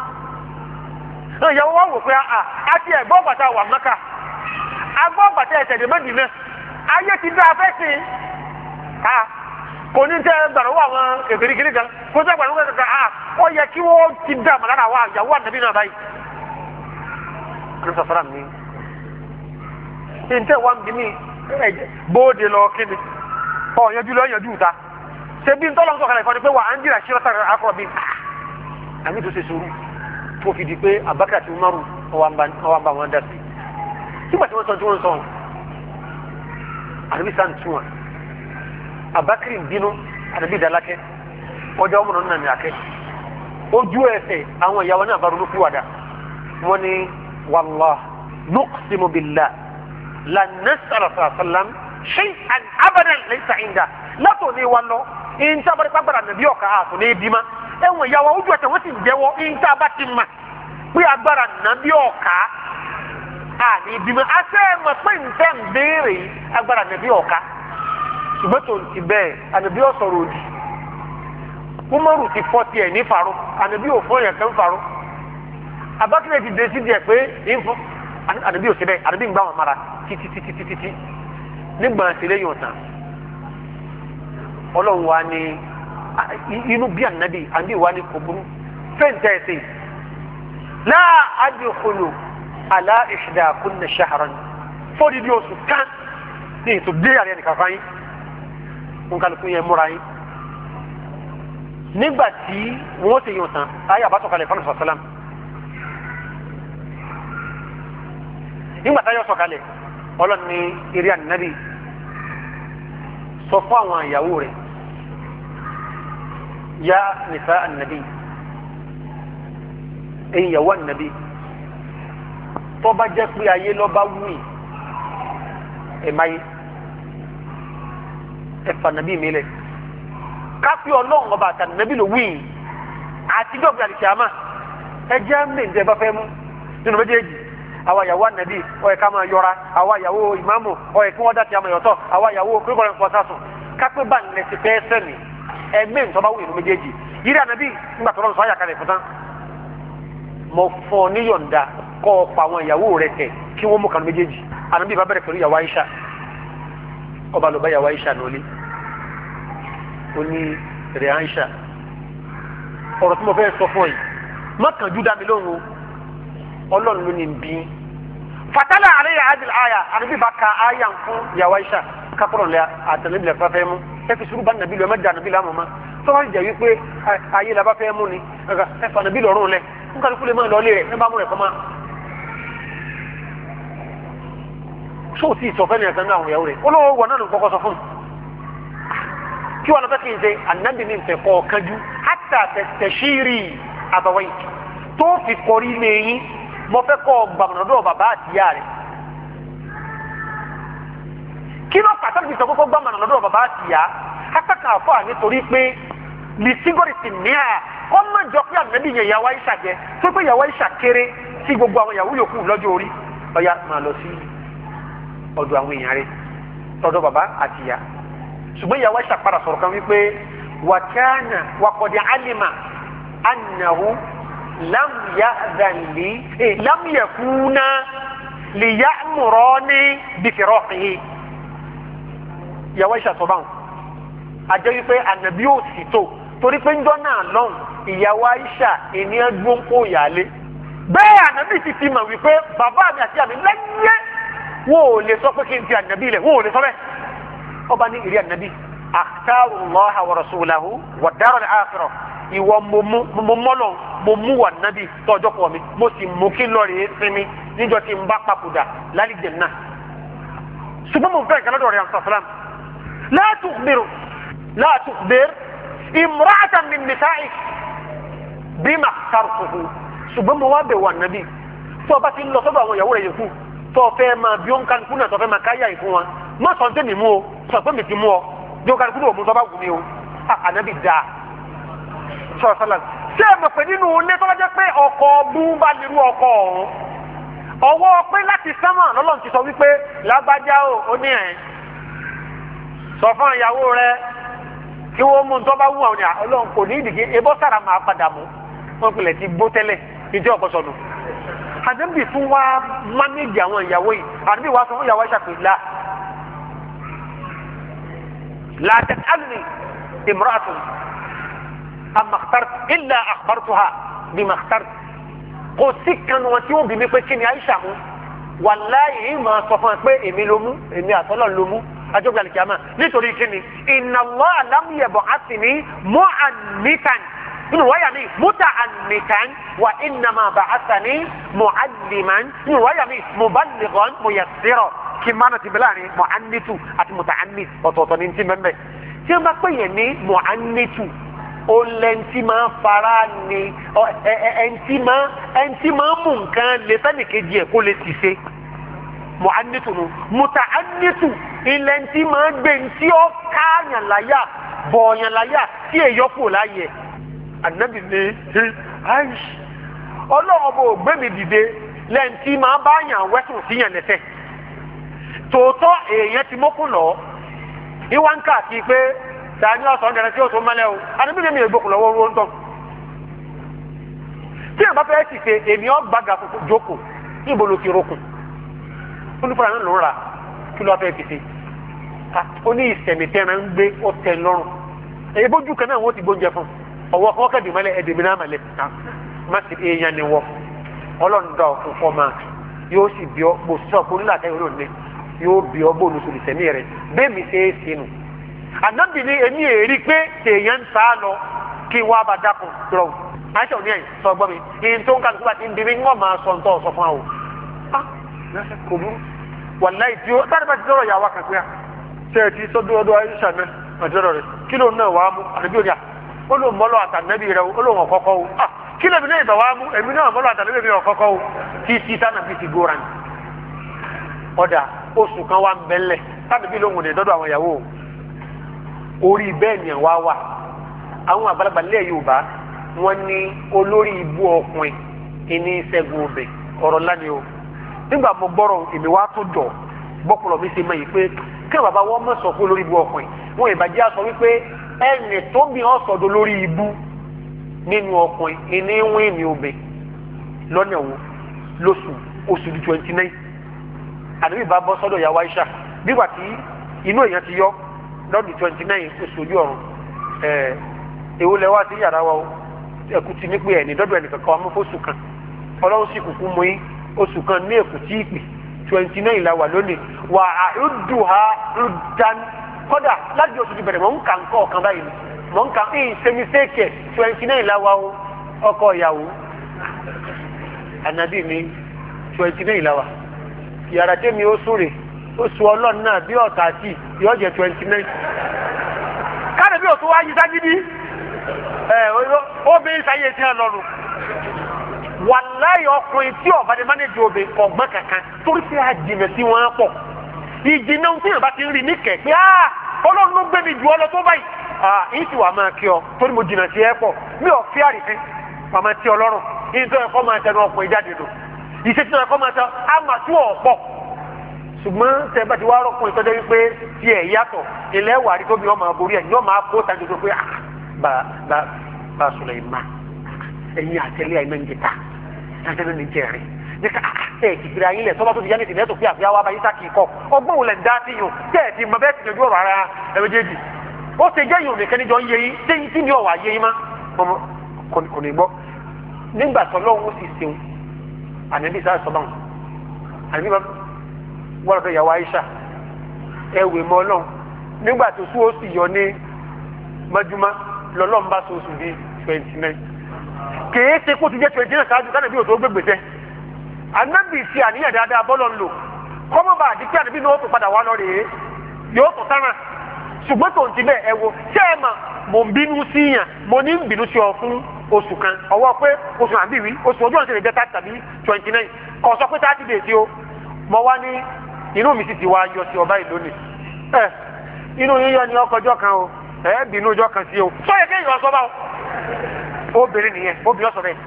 ìyàwó wa wò pé ah, a àti ẹ̀gbọ́n bàtà wà mẹ́ka agbọ́n bàtà ẹ̀sẹ̀ dè mẹ́bì náà ayé ti dá afẹ́ sí a kò ní tẹ gbàdúrà wà wọn èkìrìkìrì kan kó tẹ gbàdúrà kankan a ó yẹ kí wọ́n ti dá màlára wa ìyàwó àdàbí náà báyìí. kìrìsà fara mi ntẹ wa bí mi bóde lọ kíni ọ yanjú lọ yanjú ta ṣe bí ntọ́lọ́mùsọ̀kalẹ̀ fọ́ni pé wà á ń jìnnà ṣíra sára akọ̀rọ̀ bí a ah, ní tó ṣe sùúrù tó fi di pé Abubakar àti Umaru ọwọ́ àbá wọn dá sí nígbà tí wọ́n sọ tí wọ́n sọ àdébí sáà tún wọn Abubakar bínú àdébí dalakẹ́ ọjọ́ ọmọ náà nàní akẹ́ ojú ẹsẹ̀ àwọn ìyàwó náà bá ronú fúwàdà wọ́n ní wàllá nuqsimu billah la nasara sàlám shay'an abadan laysa inda látò ní wa lọ pàgbára nàbí ọ̀ka àtúndé bímá. enwe ìyá wa ojú ọ̀tẹ̀ wọ́n sì jẹ́wọ́ níta bá ti mà pé agbára nàbí ọ̀ka àní ìbímọ asẹ́ẹ̀mọ̀ pé nǹkan ń agbára nàbí ọ̀ka ṣùgbọ́n tó ti bẹ́ẹ̀ ànàbí ọ̀sọ̀rọ̀ òdì ti fọ́ tiẹ̀ ní faro ànàbí òfò yẹn kẹ́ ń faro abákẹ́lẹ́ ti dé sí díẹ̀ pé ànàbí òsè bẹ́ẹ̀ ànàbí ń wọn mara títítítítítí nígbà sílẹ̀ ọlọ́run wa inú bí ànábì ànábì wà ní kòbúrú fẹ́ǹtẹ́ ẹ̀sìn láà adìkòlò àlá ìṣẹ̀dá kúnnà ṣaharan fọ́dídì oṣù kan ní ètò dé àrẹ nìkan fáyín nkàlùkù yẹn múra yín nígbà tí wọ́n ti yàn tán ayé àbátọ̀kalẹ̀ fọ́nà sọ̀sálàm nígbà táyọ̀ sọ̀kalẹ̀ ọlọ́ni eré ànábì sọ fún àwọn ìyàwó rẹ̀ يا نساء النبي ẹ̀yin النبي، ànàbí tó bá jẹ́ pé ayé ló bá wù yín ẹ̀ máa yé ẹ̀ fà nàbí mi lẹ̀ káfí ọlọ́run ọba àtàlù nàbí ló wù yín àti bí ọ̀gbìn àdìsí àmà ẹ jẹ́ mèǹdé bá fẹ́ mú nínú méjèèjì àwa ìyàwó ànàbí ó yẹ ká máa yọra àwa ìyàwó ìmáàmù ó yẹ kí wọ́n dá ti àmà yọ̀tọ̀ àwa ìyàwó kíkọ́rin pọ̀ ẹgbẹ́ ntọ́ba wù inú méjèèjì yìí rẹ̀ ànábì nígbà tó lọ́dún sọ àyàkálẹ̀ fún tán mo fún ọ níyọ̀ǹda kọ́ ọ pa àwọn ìyàwó rẹ tẹ̀ kí wọ́n mú kanu méjèèjì ànábì bá bẹ̀rẹ̀ pẹ̀lú ìyàwó Aisha ọba ló bá ìyàwó Aisha nọ́ọ́lé ó ní rẹ̀ Aisha ọ̀rọ̀ tí mo fẹ́ sọ fún ọ yìí má kàn dá mi lóhùn ọlọ́run ló ní bí fatala àlẹ́ yà á di àyà ànábì bá ka àyà fún ìyàwó Aisha kakọrọ lẹ àtẹnubílẹ fẹfẹ mu ẹfi suru bá nàbí lọ ẹmẹ dà nàbí lọ àmọ ma tọ́wọ́ ìjà wípé ayé la bá fẹ́ mú ni ẹfà nàbí lọ́rùn lẹ nǹkan kúlẹ̀ máa lọ́ọ́lé rẹ̀ ẹ bá mú rẹ̀ kọ́má. sóò tí ìsọfẹ́ ni ẹ̀sán náà àwọn ìyàwó rẹ̀ olówó wọn náà ló ń kọ́kọ́ sọ fún un. kí wọn lọ fẹ́ kí n ṣe ànábì ní ìfẹ́ kọ́ kanjú hátà tẹ̀síìrì àbáwáyì tó fi kọrí lẹ́yìn mo fẹ́ kọ́ gbàmùnàdọ́ bàbá àtìyá rẹ̀ kí ló pàtàkì fi sọ kókó gbàmọ̀nà lọ́dọ̀ bàbá àti ìyá apá kan àfọ àní torí pé lìtígọ́rì ti ní à kọ́ má jọ pé ànábì yẹn ìyàwó àyíṣà jẹ tó pé ìyàwó àyíṣà kéré sí gbogbo àwọn ìyàwó yòókù lọ́jọ́ orí ọ̀yà máa lọ sí ọ̀dọ̀ àwọn èèyàn rẹ̀ lọ́dọ̀ bàbá àti ṣùgbọ́n ìyàwó àyíṣà padà sọ̀rọ̀ kan wípé wàkánà wàkọ̀dé alima annahu lámìyàkúnà lìyàmùrọ́ ní bìfẹ̀rọ̀ yìí ìyàwó Aisha sọ báwọn àjẹ́ wípé ànàbí ò sì tó torí pé njọ́ náà lọ́hùn ìyàwó Aisha ènìyàn gbóngbó yàlé bẹ́ẹ̀ ànàbí ti ti mọ̀ wípé bàbá mi àti àmì lẹ́yẹ wọn ò lè sọ pé kí n ti ànàbí lẹ̀ wọn ò lè sọ bẹ́ẹ̀ ọba ní ìrí ànàbí àtàrù lọ́hà wa rasulahu wà dárọ̀ ní àfẹ́rọ̀ ìwọ mo mọ́lọ̀ mo mú wà nàbí tọ́jọ́ pọ̀ mi mo sì mú kí lọ́ọ̀rì sinmi níjọ́ tí n bá papòdà lálẹ́ jẹ̀ náà ṣùgbọ́n mo fẹ́ ìkàlọ́dọ̀ rẹ̀ àtàfẹ́lámù لا تخبر لا تخبر امرأة من نسائك بما اخترته ṣùgbọ́n mo wá bẹ̀ wà nàbí tó o bá ti ń lọ sọ́dọ̀ àwọn ìyàwó rẹ̀ yòókù tó o fẹ́ máa bí ó ń kálukú náà tó o fẹ́ máa káyà ìfún wa má sọ ní tèmi mú o sọ pé mi ti mú ọ bí ó kálukú náà mú tó bá wù mí o ànábì dáa sọ̀rọ̀ sọ́lá ṣé ẹ mọ̀ pé nínú ilé tó bá jẹ́ pé ọkọ̀ bú bá nírú ọkọ̀ ọ̀hún ọwọ́ pé láti sánmà lọ́lọ́run ti sọ wípé lágbájá o ó ní ẹ̀ sọ fún ìyàwó rẹ kí wọ́n mú ntọ́ bá wù àwọn yà ah, ọlọ́run kò ní ìdìgé ebó sára máa padà mú wọn pèlè ti bó tẹ́lẹ̀ ìjẹ́ ọ̀pọ̀sọ̀nù. àdébì tún wá mánéjì àwọn ìyàwó yìí àdébì wá sọ fún ìyàwó ìṣàpè là làtẹ̀ alùmí imra'atun amakhtar illa akhbartuha bimakhtar kò sí kan wọn tí wọ́n bí mi pé kí ni Aisha mú wàláyé ìmọ̀ sọ fún ẹ pé èmi ló mú èmi àtọ́lọ́ ló mú àjọgbà àlìkìyàmà nítorí kíni inna Allah lam yab'athni mu'annitan nínú wáyà mi muta'annitan wa innama ba'athani mu'alliman nínú wáyà mi muballighan muyassira kí mana ti bẹ̀rẹ̀ ni mu'annitu àti muta'annit ọ̀tọ̀ọ̀tọ̀ ní ti mẹ́mẹ́ tí wọ́n bá pè yẹn ní mu'annitu ó lẹ́ntì máa fara ni ẹ̀ẹ́ntì máa mú nǹkan lè sẹ́nìkejì ẹ̀ kó lè ti ṣe mọ̀ánísù nù mùtàánísù ilẹ̀ ntí máa ń gbé ntí ó káàyàn láyà bọ̀ọ̀yàn láyà tí èyọ kò láyè ànábì ní àìsí ọlọ́run bò gbẹ́mí dìde lẹ́ǹtí máa bá yàn wẹ́sùn síyàn lẹ́sẹ̀ tòótọ́ èèyàn ti mọ́kùn lọ ìwà ń kà sí pé tàní ọ̀sán dẹrẹ tí o tó mọ́lẹ̀ o àdébí lèmi ìgbòkùn lọ́wọ́ owó ń tọ́ tí èèyàn bá fẹ́ ti ṣe èmi ọ́ gbàgà jókòó níbo ló ti rokùn. olùfọ̀rọ̀ àná ló kí ló wá fi ní ń gbé ọ̀tẹ̀ lọ́rùn èyí bójú kan náà wọ́n ti gbóúnjẹ fún ọwọ́ kan ẹ̀dẹ̀mí náà má sì èèyàn ni wọ́ yóò sì bí ọ bó sọ yóò bí ọ é ni èmi pé tèèyàn sá lọ kí wọ́n á bá dákun òní ẹ̀yìn sọ mi tó ń kálukú bá wàláì tí ó sáré bá ti sọ̀rọ̀ yàwá kan pé à ṣe é ti sọ́dún ọdún ayé sàmẹ́ àjọrọ̀ rẹ̀ kí ló náà wàá mú à ó o à ah, kí lèmi náà ìbá wàá mú èmi náà mọ́lọ́ o tí tí sánà fi ti góra ni. ọ̀dà oṣù kan wá ń bẹ́lẹ̀ sábẹ́bí lóhùn ní dọ́dọ̀ nígbà mo gbọ́rọ̀ èmi wá tó jọ bọ́kùlọ̀ mi ṣe mọ̀ yìí pé kí ẹ bàbá wọn mọ̀ sọ pé lórí ibu ọkùnrin wọn ìbàjẹ́ àsọ wípé ẹnì tó bí wọn sọdọ lórí ibu nínú ọkùnrin ìní wín ní obè lọ́nà wo lóṣù oṣù di twenty nine àdébí bá bọ́ sọ́dọ̀ ìyàwó Aisha bígbà tí inú èèyàn ti yọ lọ́dún twenty nine oṣù ojú ọ̀run ẹ̀ èwo lẹ́wọ́ àti yàrá wa ẹ̀kú ti ní pé ẹ̀ ní dọ́dọ̀ ẹnìkankan wa mọ́ fóṣù kan ọlọ́run sì kúkú mú yín oṣù kan ní èkó tí ì twenty nine la wà lónìí wà á ha ọdún kódà láti oṣù tó bẹ̀rẹ̀ mọ̀ ń kà ń kọ́ ọ̀kan báyìí mọ̀ ń kà ń ṣe twenty nine la wà ọkọ ìyàwó ànàbí mi twenty nine la wà yàrá tẹ́mi ó súre oṣù ọlọ́run náà bí ọ̀tá àti yóò jẹ́ twenty nine káàdì bí òtún wáyé ságídí ẹ obìnrin sáyé tí wọn lọrùn. wàláyé ọkùnrin tí ọba ní mánéjì obì ọgbọ́n kankan torí pé àjìnà sí wọn pọ̀ ìjìnà tí yàrá ti ń rí ní kẹ̀kẹ́ á ah, ọlọ́run ló gbé mi jù ọ lọ tó báyìí yìí ti wà máa kí ọ torí mo jìnà sí ẹ pọ̀ mi ò fi àrífín màmá tí ọlọ́run yìí tó ẹ̀kọ́ máa tẹnu ọkùnrin jáde lò ìṣe tí ẹ̀kọ́ máa tẹ àmà tí ò pọ̀ ṣùgbọ́n tẹ bá ti wá rọ́kùnrin tó dé wípé tiẹ̀ yàtọ̀ ilẹ̀ wà rí tóbi ọmọ aborí ẹ̀ ní ọmọ abó tajú tó pé ah, bá bá bá sùlẹ̀ ìmá ẹ̀yin àtẹlẹ́ àìmọ́ tẹ̀síwájú ní jẹ́ rẹ̀ ní ká ah, ah, ẹ̀ kìkìrì ayé lẹ̀ tọ́ba tó ti yá ní tìlẹ̀ tó fi àfihàn wa bá yíṣà kì í kọ́ ọgbọ́n wò lẹ̀ ń dá sí yìí o tẹ́ ẹ̀ ti mọ bẹ́ẹ̀ ti dojú ọ̀rọ̀ ara ẹ méjèèjì ó ṣe jẹ́ yòó nìkan níjọ ń yé yín téyín tí mi ò wá yé yín má kò ní gbọ́ nígbà tó lọ́wọ́ sì ṣeun ànábì sáà sọ báwọn ànábì wọ́n lọ́dọ̀ ìyàwó Aisha ẹ̀wẹ̀ mọ́ ọlọ́run nígbà tó sún ó sì yọ ní mọ́júmọ́ kèé ṣe kó ti jẹ́ twenty náà ṣáájú kánàbí ò tó gbégbé sẹ́ anábì fi àníyàn dáadáa bọ́lọ̀ ń lò kọ́mọ́bà àdìkí ànábì náà ó tó padà wá lọ rèé yóò tó sára ṣùgbọ́n tó ń ti mo ní ń bínú sí ọ fún oṣù kan ọwọ́ pé oṣù àbí wí oṣù ojú ọ̀sẹ̀ lè tabi 29 tàbí twenty nine kò sọ pé o mo wá ní inú mi sì ti wá yọ sí ọba ìlú ni ẹ inú yíyọ ni kan o ẹ bínú kan sí o sọ yẹ sọ o. obìnrin nìyẹn obìnrin ọ̀sọ̀ bẹ́ẹ̀.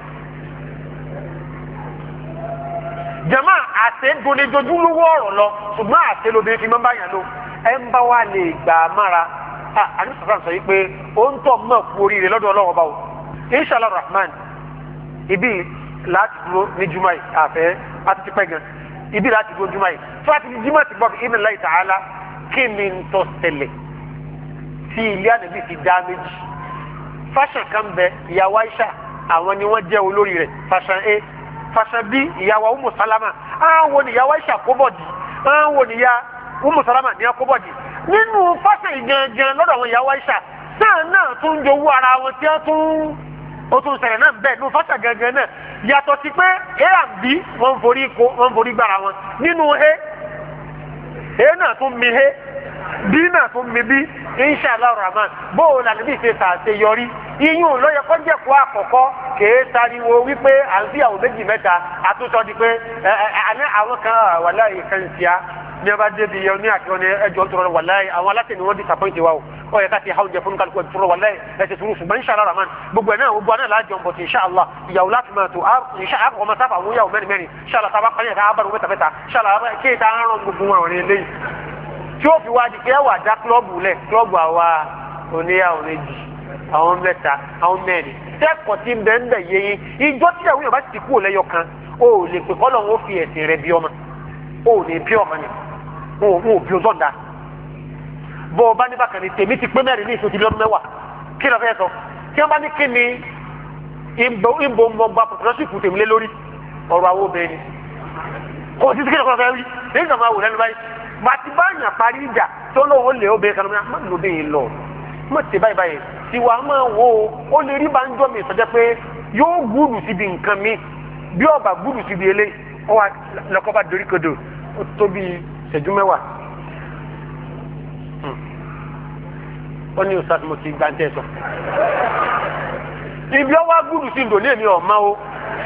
jama àṣẹ donidojúlówó ọ̀rọ̀ lọ ṣùgbọ́n àṣẹ lóbìnrin fi máa ń bá yàn lò ẹ ń bá wa lè gbà á mára àní sọ̀rọ̀ sọ yìí pé ó ń tọ̀ mọ̀ kú oríire lọ́dọ̀ ọlọ́wọ́ báwo inshallah rahman ibi láti dúró ní juma yìí àfẹ́ àti ti gan ibi láti dúró juma yìí tó àti ti juma ti gbọ́ kí ibn láì tààlà kí mi ń tọ́ tẹ̀lẹ̀ tí ilé ànábì fi dá méjì fashion kan bẹ ìyàwó aisha àwọn ni wọ́n jẹ́ olórí rẹ̀ fashion a fashion b ìyàwó umu salama àwọn ni ìyàwó aisha kóbọ̀dì àwọn ni ìyá umu salama ní akóbọ̀dì nínú fashion ìgangan lọ́dọ̀ àwọn ìyàwó aisha sáà náà tún ń jowó ara wọn tí wọ́n tún ó tún ṣẹlẹ̀ náà bẹ́ẹ̀ nínú fashion gangan náà yàtọ̀ sí pé a and b wọ́n forí kó wọ́n forí gbára wọn nínú a a náà tún mi a dínà tó mi bí inshàlá rahman bóò là níbi ìṣe ṣàṣeyọrí iyún lọ́yẹ kọ́jẹ̀kọ́ àkọ́kọ́ kèé sariwo wípé à ń bí àwọn méjì mẹ́ta àtúntọ́ di pé àní àwọn kan wàlá ìkànnìṣíà ní a bá débi yẹn ní àti wọn ni ẹjọ́ tó rọrọ wàlá yìí àwọn aláṣẹ ni wọ́n disappoint wa o ọ yẹ ká ti hàn jẹ fún kálukú ẹ̀ tó rọ wàlá yìí ẹ̀ ti sùúrù ṣùgbọ́n inshàlá rahman gbogbo ẹ̀ náà gbogbo ẹ̀ náà láàjọ bọ̀ sí inshàlá ìyàwó láti máa tó inshàlá àkọ́kọ́ máa sábà àwọn ìyàwó mẹ́rin mẹ́rin inshàlá tí ó fi wá di pé ẹ wà dá kílọ́ọ̀bù lẹ̀ kílọ́ọ̀bù àwa oníyàwó méjì àwọn mẹ́ta àwọn mẹ́rin tẹ́kọ̀ọ́ ti bẹ̀ ń bẹ̀ yé yín ìjọ tí ìyàwó yóò bá ti kúrò lẹ́yọ kan o ò lè pè kọ́lọ̀ ń fi ẹ̀sìn rẹ bí ọmọ o ò lè bí ọmọ ni n ò bí ọjọ́ da bọ́ ọba ní bákan ní tèmi ti pé mẹ́rin ní ìṣòtí lọ́dún mẹ́wàá kí lọ́ fẹ́ sọ tí wọ́n bá ní kí ni ìbò ìbò mọ̀gbà pọ̀tọ́sì kù tèmi lé lórí ọ̀rọ̀ àwọn obìnrin kò sí kí lọ́ fẹ́ rí èyí kàn máa wò lẹ́nu báyìí bàtí báyà parí ìjà tó lóun ó lè obìnrin kan náà ah, má lò bẹ́ẹ̀ lọ má ti báyìí báyìí tiwa máa wo ó lè rí banjọ́ mi sọ́jà pé yóò gbúdù síbi nǹkan mi bí ọba gbúdù síbi ilé ọ wa lọkọ bá dorí kodo ó tóbi ṣẹ́jú mẹ́wàá hmm. ó ní ọ̀sán tí mo ti gbá ń tẹ̀ sọ. ibi ọwọ́ gbúdù sí ìdòlé mi ọ̀ ma o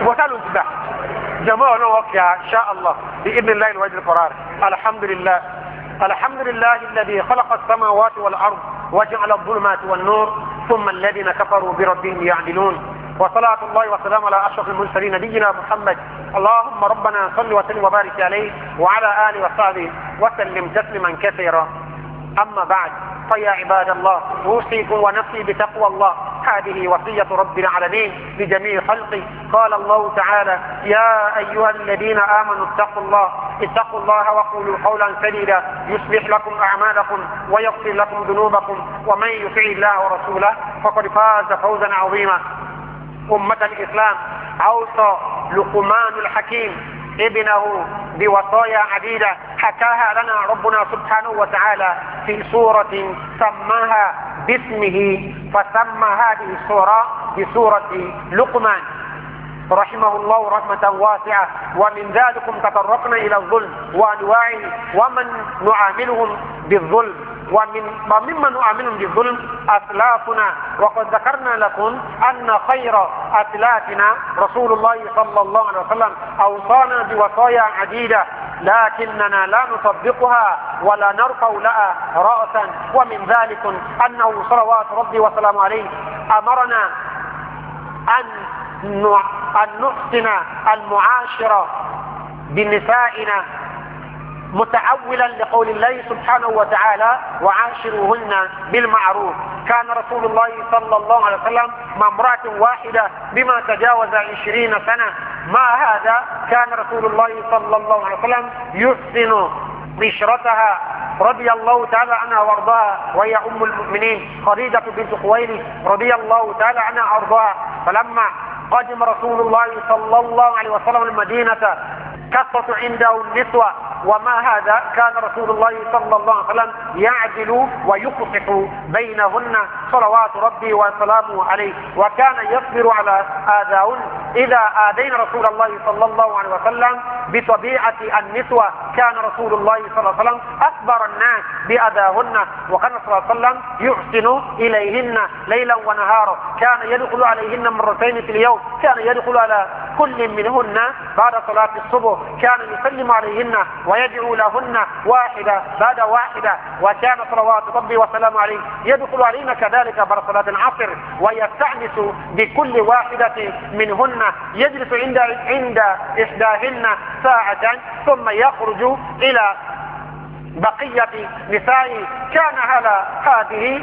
ìwọ́sá ló ti gbà. جماعة نوقع إن شاء الله بإذن الله الوجه القرار الحمد لله الحمد لله الذي خلق السماوات والأرض وجعل الظلمات والنور ثم الذين كفروا بربهم يعدلون وصلاة الله وسلام على أشرف المرسلين نبينا محمد اللهم ربنا صل وسلم وبارك عليه وعلى آله وصحبه وسلم تسليما كثيرا أما بعد فيا عباد الله أوصيكم ونفسي بتقوى الله هذه وصية رب العالمين لجميع خلقه قال الله تعالى يا أيها الذين آمنوا اتقوا الله اتقوا الله وقولوا قولا سديدا يصلح لكم أعمالكم ويغفر لكم ذنوبكم ومن يطع الله ورسوله فقد فاز فوزا عظيما أمة الإسلام أوصى لقمان الحكيم ابنه بوصايا عديدة حكاها لنا ربنا سبحانه وتعالى في سورة سماها باسمه فسمى هذه السورة بسورة لقمان رحمه الله رحمة واسعة ومن ذلكم تطرقنا إلى الظلم وأنواعه ومن نعاملهم بالظلم ومن وممن نؤمن بالظلم أسلافنا وقد ذكرنا لكم أن خير أسلافنا رسول الله صلى الله عليه وسلم أوصانا بوصايا عديدة لكننا لا نطبقها ولا نرفع لها رأسا ومن ذلك أنه صلوات ربي وسلامه عليه أمرنا أن أن نحسن المعاشرة بنسائنا متعولا لقول الله سبحانه وتعالى وعاشروهن بالمعروف كان رسول الله صلى الله عليه وسلم مع امرأة واحدة بما تجاوز عشرين سنة ما هذا كان رسول الله صلى الله عليه وسلم يحسن بشرتها رضي الله تعالى عنها وارضاها وهي ام المؤمنين خديجه بنت خويلد رضي الله تعالى عنها وارضاها فلما قدم رسول الله صلى الله عليه وسلم المدينه كثرت عنده النسوه وما هذا كان رسول الله صلى الله عليه وسلم يعدل ويقصح بينهن صلوات ربي وسلامه عليه وكان يصبر على آذاهن إذا آذين رسول الله صلى الله عليه وسلم بطبيعة النسوة كان رسول الله صلى الله عليه وسلم أكبر الناس بأذاهن وكان صلى الله عليه وسلم يحسن إليهن ليلا ونهارا كان يدخل عليهن مرتين في اليوم كان يدخل على كل منهن بعد صلاة الصبح كان يسلم عليهن ويدعو لهن واحدة بعد واحدة وكان صلوات ربي وسلامه عليه يدخل علينا كذلك بعد صلاة العصر ويستأنس بكل واحدة منهن يجلس عند عند إحداهن ساعة ثم يخرج إلى بقية نسائه كان على هذه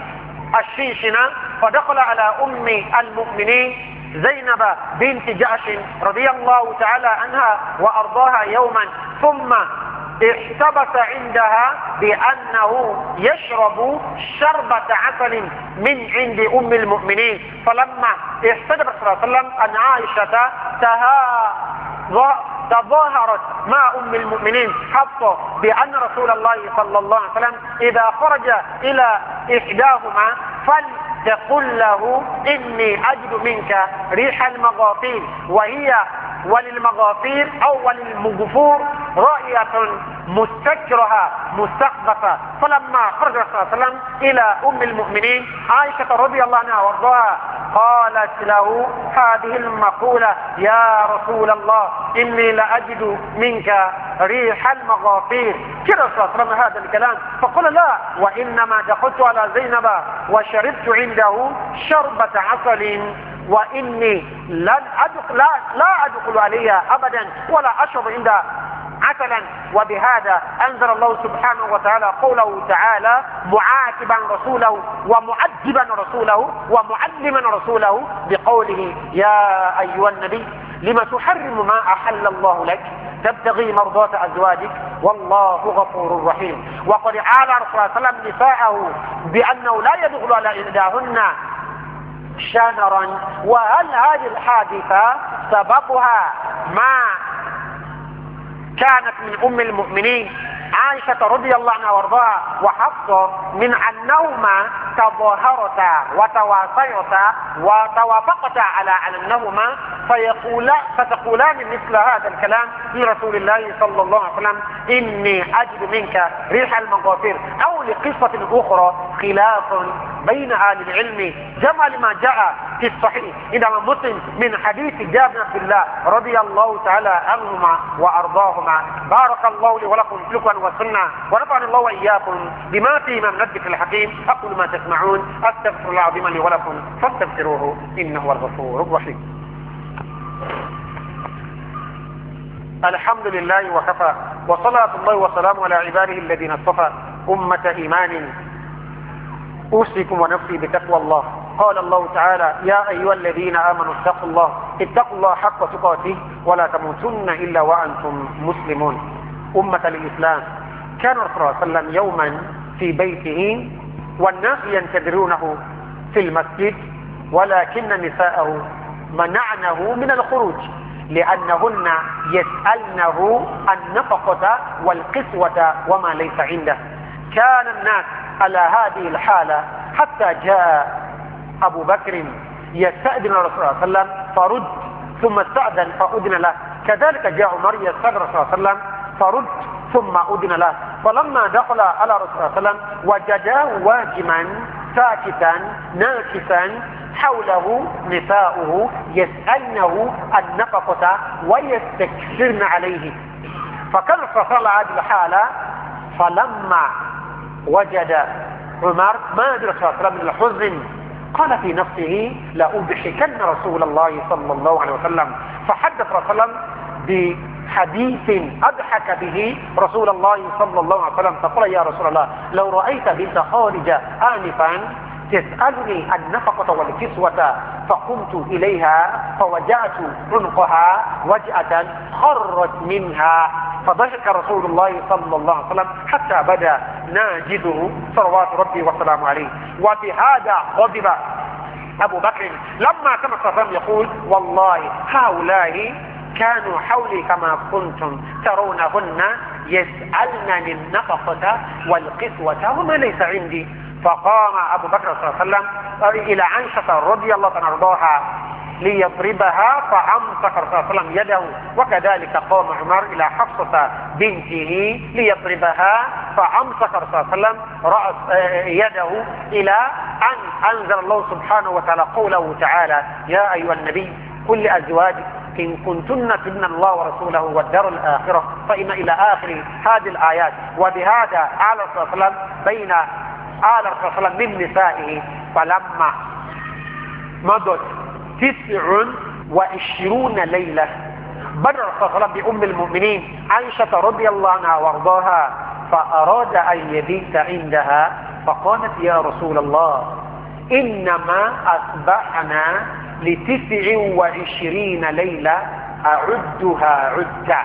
الشيشنة فدخل على أم المؤمنين زينب بنت جعش رضي الله تعالى عنها وأرضاها يوما ثم احتبس عندها بأنه يشرب شربة عسل من عند أم المؤمنين فلما احتجب صلى الله عليه وسلم أن عائشة تها تظاهرت مع أم المؤمنين حتى بأن رسول الله صلى الله عليه وسلم إذا خرج إلى إحداهما فل تقول له إني أجد منك ريح المغاطيل وهي وللمغافير أو وللمغفور رؤية مستكرهة مستخبثة فلما خرج صلى الله عليه وسلم إلى أم المؤمنين عائشة رضي الله عنها وارضاها قالت له هذه المقولة يا رسول الله إني لأجد منك ريح المغافير كده صلى الله عليه هذا الكلام فقال لا وإنما دخلت على زينب وشربت عنده شربة عسل وإني لن أدخل لا, لا أدخل عليها أبدا ولا أشرب عندها عسلا وبهذا أنزل الله سبحانه وتعالى قوله تعالى معاتبا رسوله ومعذبا رسوله ومعلما رسوله بقوله يا أيها النبي لما تحرم ما أحل الله لك تبتغي مرضاة أزواجك والله غفور رحيم وقد عالى رسول الله صلى الله عليه وسلم نساءه بأنه لا يدخل على إحداهن شهرا وهل هذه الحادثة سببها ما كانت من أم المؤمنين عائشة رضي الله عنها وارضاها وحفصة من أنهما تظاهرتا وتواصيتا وتوافقتا على أنهما فيقولا فتقولان مثل هذا الكلام لرسول الله صلى الله عليه وسلم إني أجد منك ريح المغافر أو لقصة أخرى خلاف بين أهل العلم جمع لما جاء في الصحيح إنما مسلم من حديث جابر بن عبد الله رضي الله تعالى عنهما وأرضاهما بارك الله لي ولكم في والسنة ونفعني الله وإياكم بما فيه من الذكر الحكيم أقول ما تسمعون أستغفر الله العظيم لي ولكم فاستغفروه إنه هو الغفور الرحيم الحمد لله وكفى وصلاة الله وسلامه على عباده الذين اصطفى أمة إيمان أوصيكم ونفسي بتقوى الله قال الله تعالى يا أيها الذين آمنوا اتقوا الله اتقوا الله حق تقاته ولا تموتن إلا وأنتم مسلمون أمة الإسلام كان الرسول صلى الله عليه وسلم يوما في بيته والناس ينتظرونه في المسجد ولكن نساءه منعنه من الخروج لأنهن يسألنه النفقة والقسوة وما ليس عنده كان الناس على هذه الحالة حتى جاء أبو بكر يستأذن الرسول صلى الله عليه وسلم فرد ثم استأذن فأذن له كذلك جاء عمر يستأذن الرسول صلى الله عليه وسلم فرد ثم أذن له فلما دخل على رسول الله صلى الله عليه وسلم وجداه واجما ساكتا ناكسا حوله نساؤه يسألنه النفقة ويستكثرن عليه فكان فصل هذه الحالة فلما وجد عمر ما أدرك صلى الله عليه وسلم من الحزن قال في نفسه لأضحكن رسول الله صلى الله عليه وسلم فحدث رسول الله حديث أضحك به رسول الله صلى الله عليه وسلم فقال يا رسول الله لو رأيت بنت خارج آنفا تسألني النفقة والكسوة فقمت إليها فوجعت عنقها وجأة خرت منها فضحك رسول الله صلى الله عليه وسلم حتى بدا ناجده صلوات ربي وسلامه عليه وفي هذا غضب أبو بكر لما سمع صلى يقول والله هؤلاء كانوا حولي كما كنتم ترونهن يسألن النفقة والقسوة وما ليس عندي فقام أبو بكر صلى الله عليه وسلم إلى عنشة رضي الله عنها أرضاها ليضربها فأمسك صلى الله عليه وسلم يده وكذلك قام عمر إلى حفصة بنته ليضربها فأمسك صلى الله عليه وسلم رأس آه، يده إلى أن أنزل الله سبحانه وتعالى قوله تعالى يا أيها النبي كل أزواجك إن كنتن تبن الله ورسوله والدار الآخرة فإن إلى آخر هذه الآيات وبهذا آل الرسول بين آل الرسول من نسائه فلما مضت تسع وعشرون ليلة بدر الرسول بأم المؤمنين عائشة رضي الله عنها وارضاها فأراد أن يبيت عندها فقالت يا رسول الله إنما أصبحنا لتسع وعشرين ليلة أعدها عدة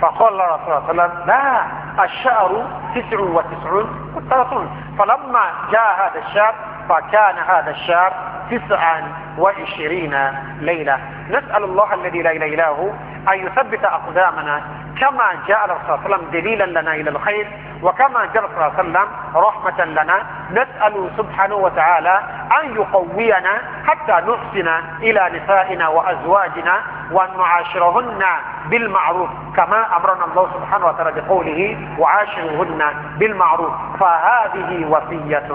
فقال الله صلى الله عليه وسلم لا الشهر تسع وتسعون وثلاثون فلما جاء هذا الشهر فكان هذا الشهر تسعا وعشرين ليلة نسأل الله الذي لا إله إلا هو أن يثبت أقدامنا كما جاء الرسول صلى الله عليه وسلم دليلا لنا إلى الخير وكما جاء الرسول صلى الله عليه وسلم رحمة لنا نسأل سبحانه وتعالى أن يقوينا حتى نحسن إلى نسائنا وأزواجنا وأن نعاشرهن بالمعروف كما أمرنا الله سبحانه وتعالى بقوله وعاشرهن بالمعروف فهذه وصية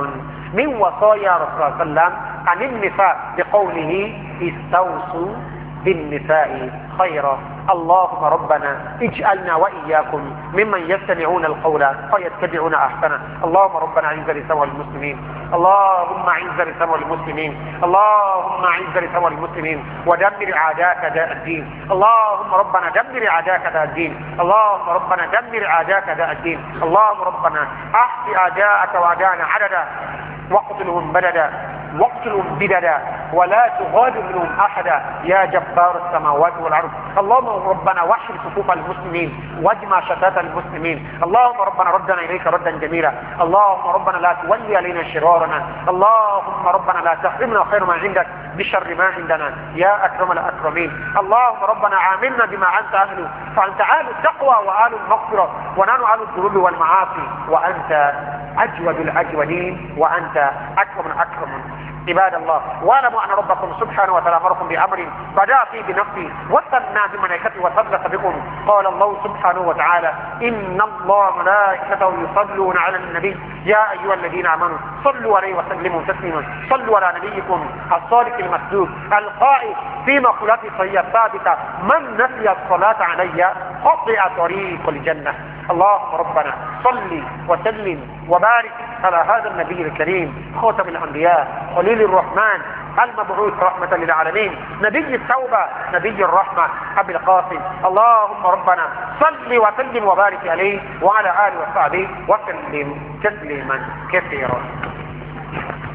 من وصايا رسول الله عليه وسلم عن النساء بقوله استوصوا بالنساء خيرا اللهم ربنا اجعلنا وإياكم ممن يستمعون القول فيتبعون أحسنه اللهم ربنا اعز لسوى المسلمين اللهم اعز لسوى المسلمين اللهم اعز لسوى المسلمين ودمر اعداءك داء الدين اللهم ربنا دمر اعداءك داء الدين اللهم ربنا دمر اعداءك داء الدين اللهم ربنا احصي اعداءك واعداءنا عددا واقتلهم بددا واقتلوا بددا ولا تغادر منهم أحدا يا جبار السماوات والأرض اللهم ربنا وحر صفوف المسلمين واجمع شتات المسلمين اللهم ربنا ردنا إليك ردا جميلا اللهم ربنا لا تولي علينا شرارنا اللهم ربنا لا تحرمنا خير ما عندك بشر ما عندنا يا أكرم الأكرمين اللهم ربنا عاملنا بما أنت أهله فأنت أهل التقوى وأهل المغفرة ونحن أهل الذنوب والمعاصي وأنت أجود الأجودين وأنت أكرم الاكرمين عباد الله واعلموا أن ربكم سبحانه وتعالى أمركم بأمر بدأ فيه بنفسه وثنى بملائكته وصدق بكم قال الله سبحانه وتعالى إن الله ملائكته يصلون على النبي يا أيها الذين آمنوا صلوا عليه وسلموا تسليما صلوا على نبيكم الصادق المسدود القائد في مقولات صحية ثابتة من نسي الصلاة علي قطع طريق الجنة اللهم ربنا صل وسلم وبارك على هذا النبي الكريم خاتم الأنبياء خليل الرحمن المبعوث رحمة للعالمين نبي التوبة نبي الرحمة أبي القاسم اللهم ربنا صل وسلم وبارك عليه وعلى آله وصحبه وسلم تسليما كثيرا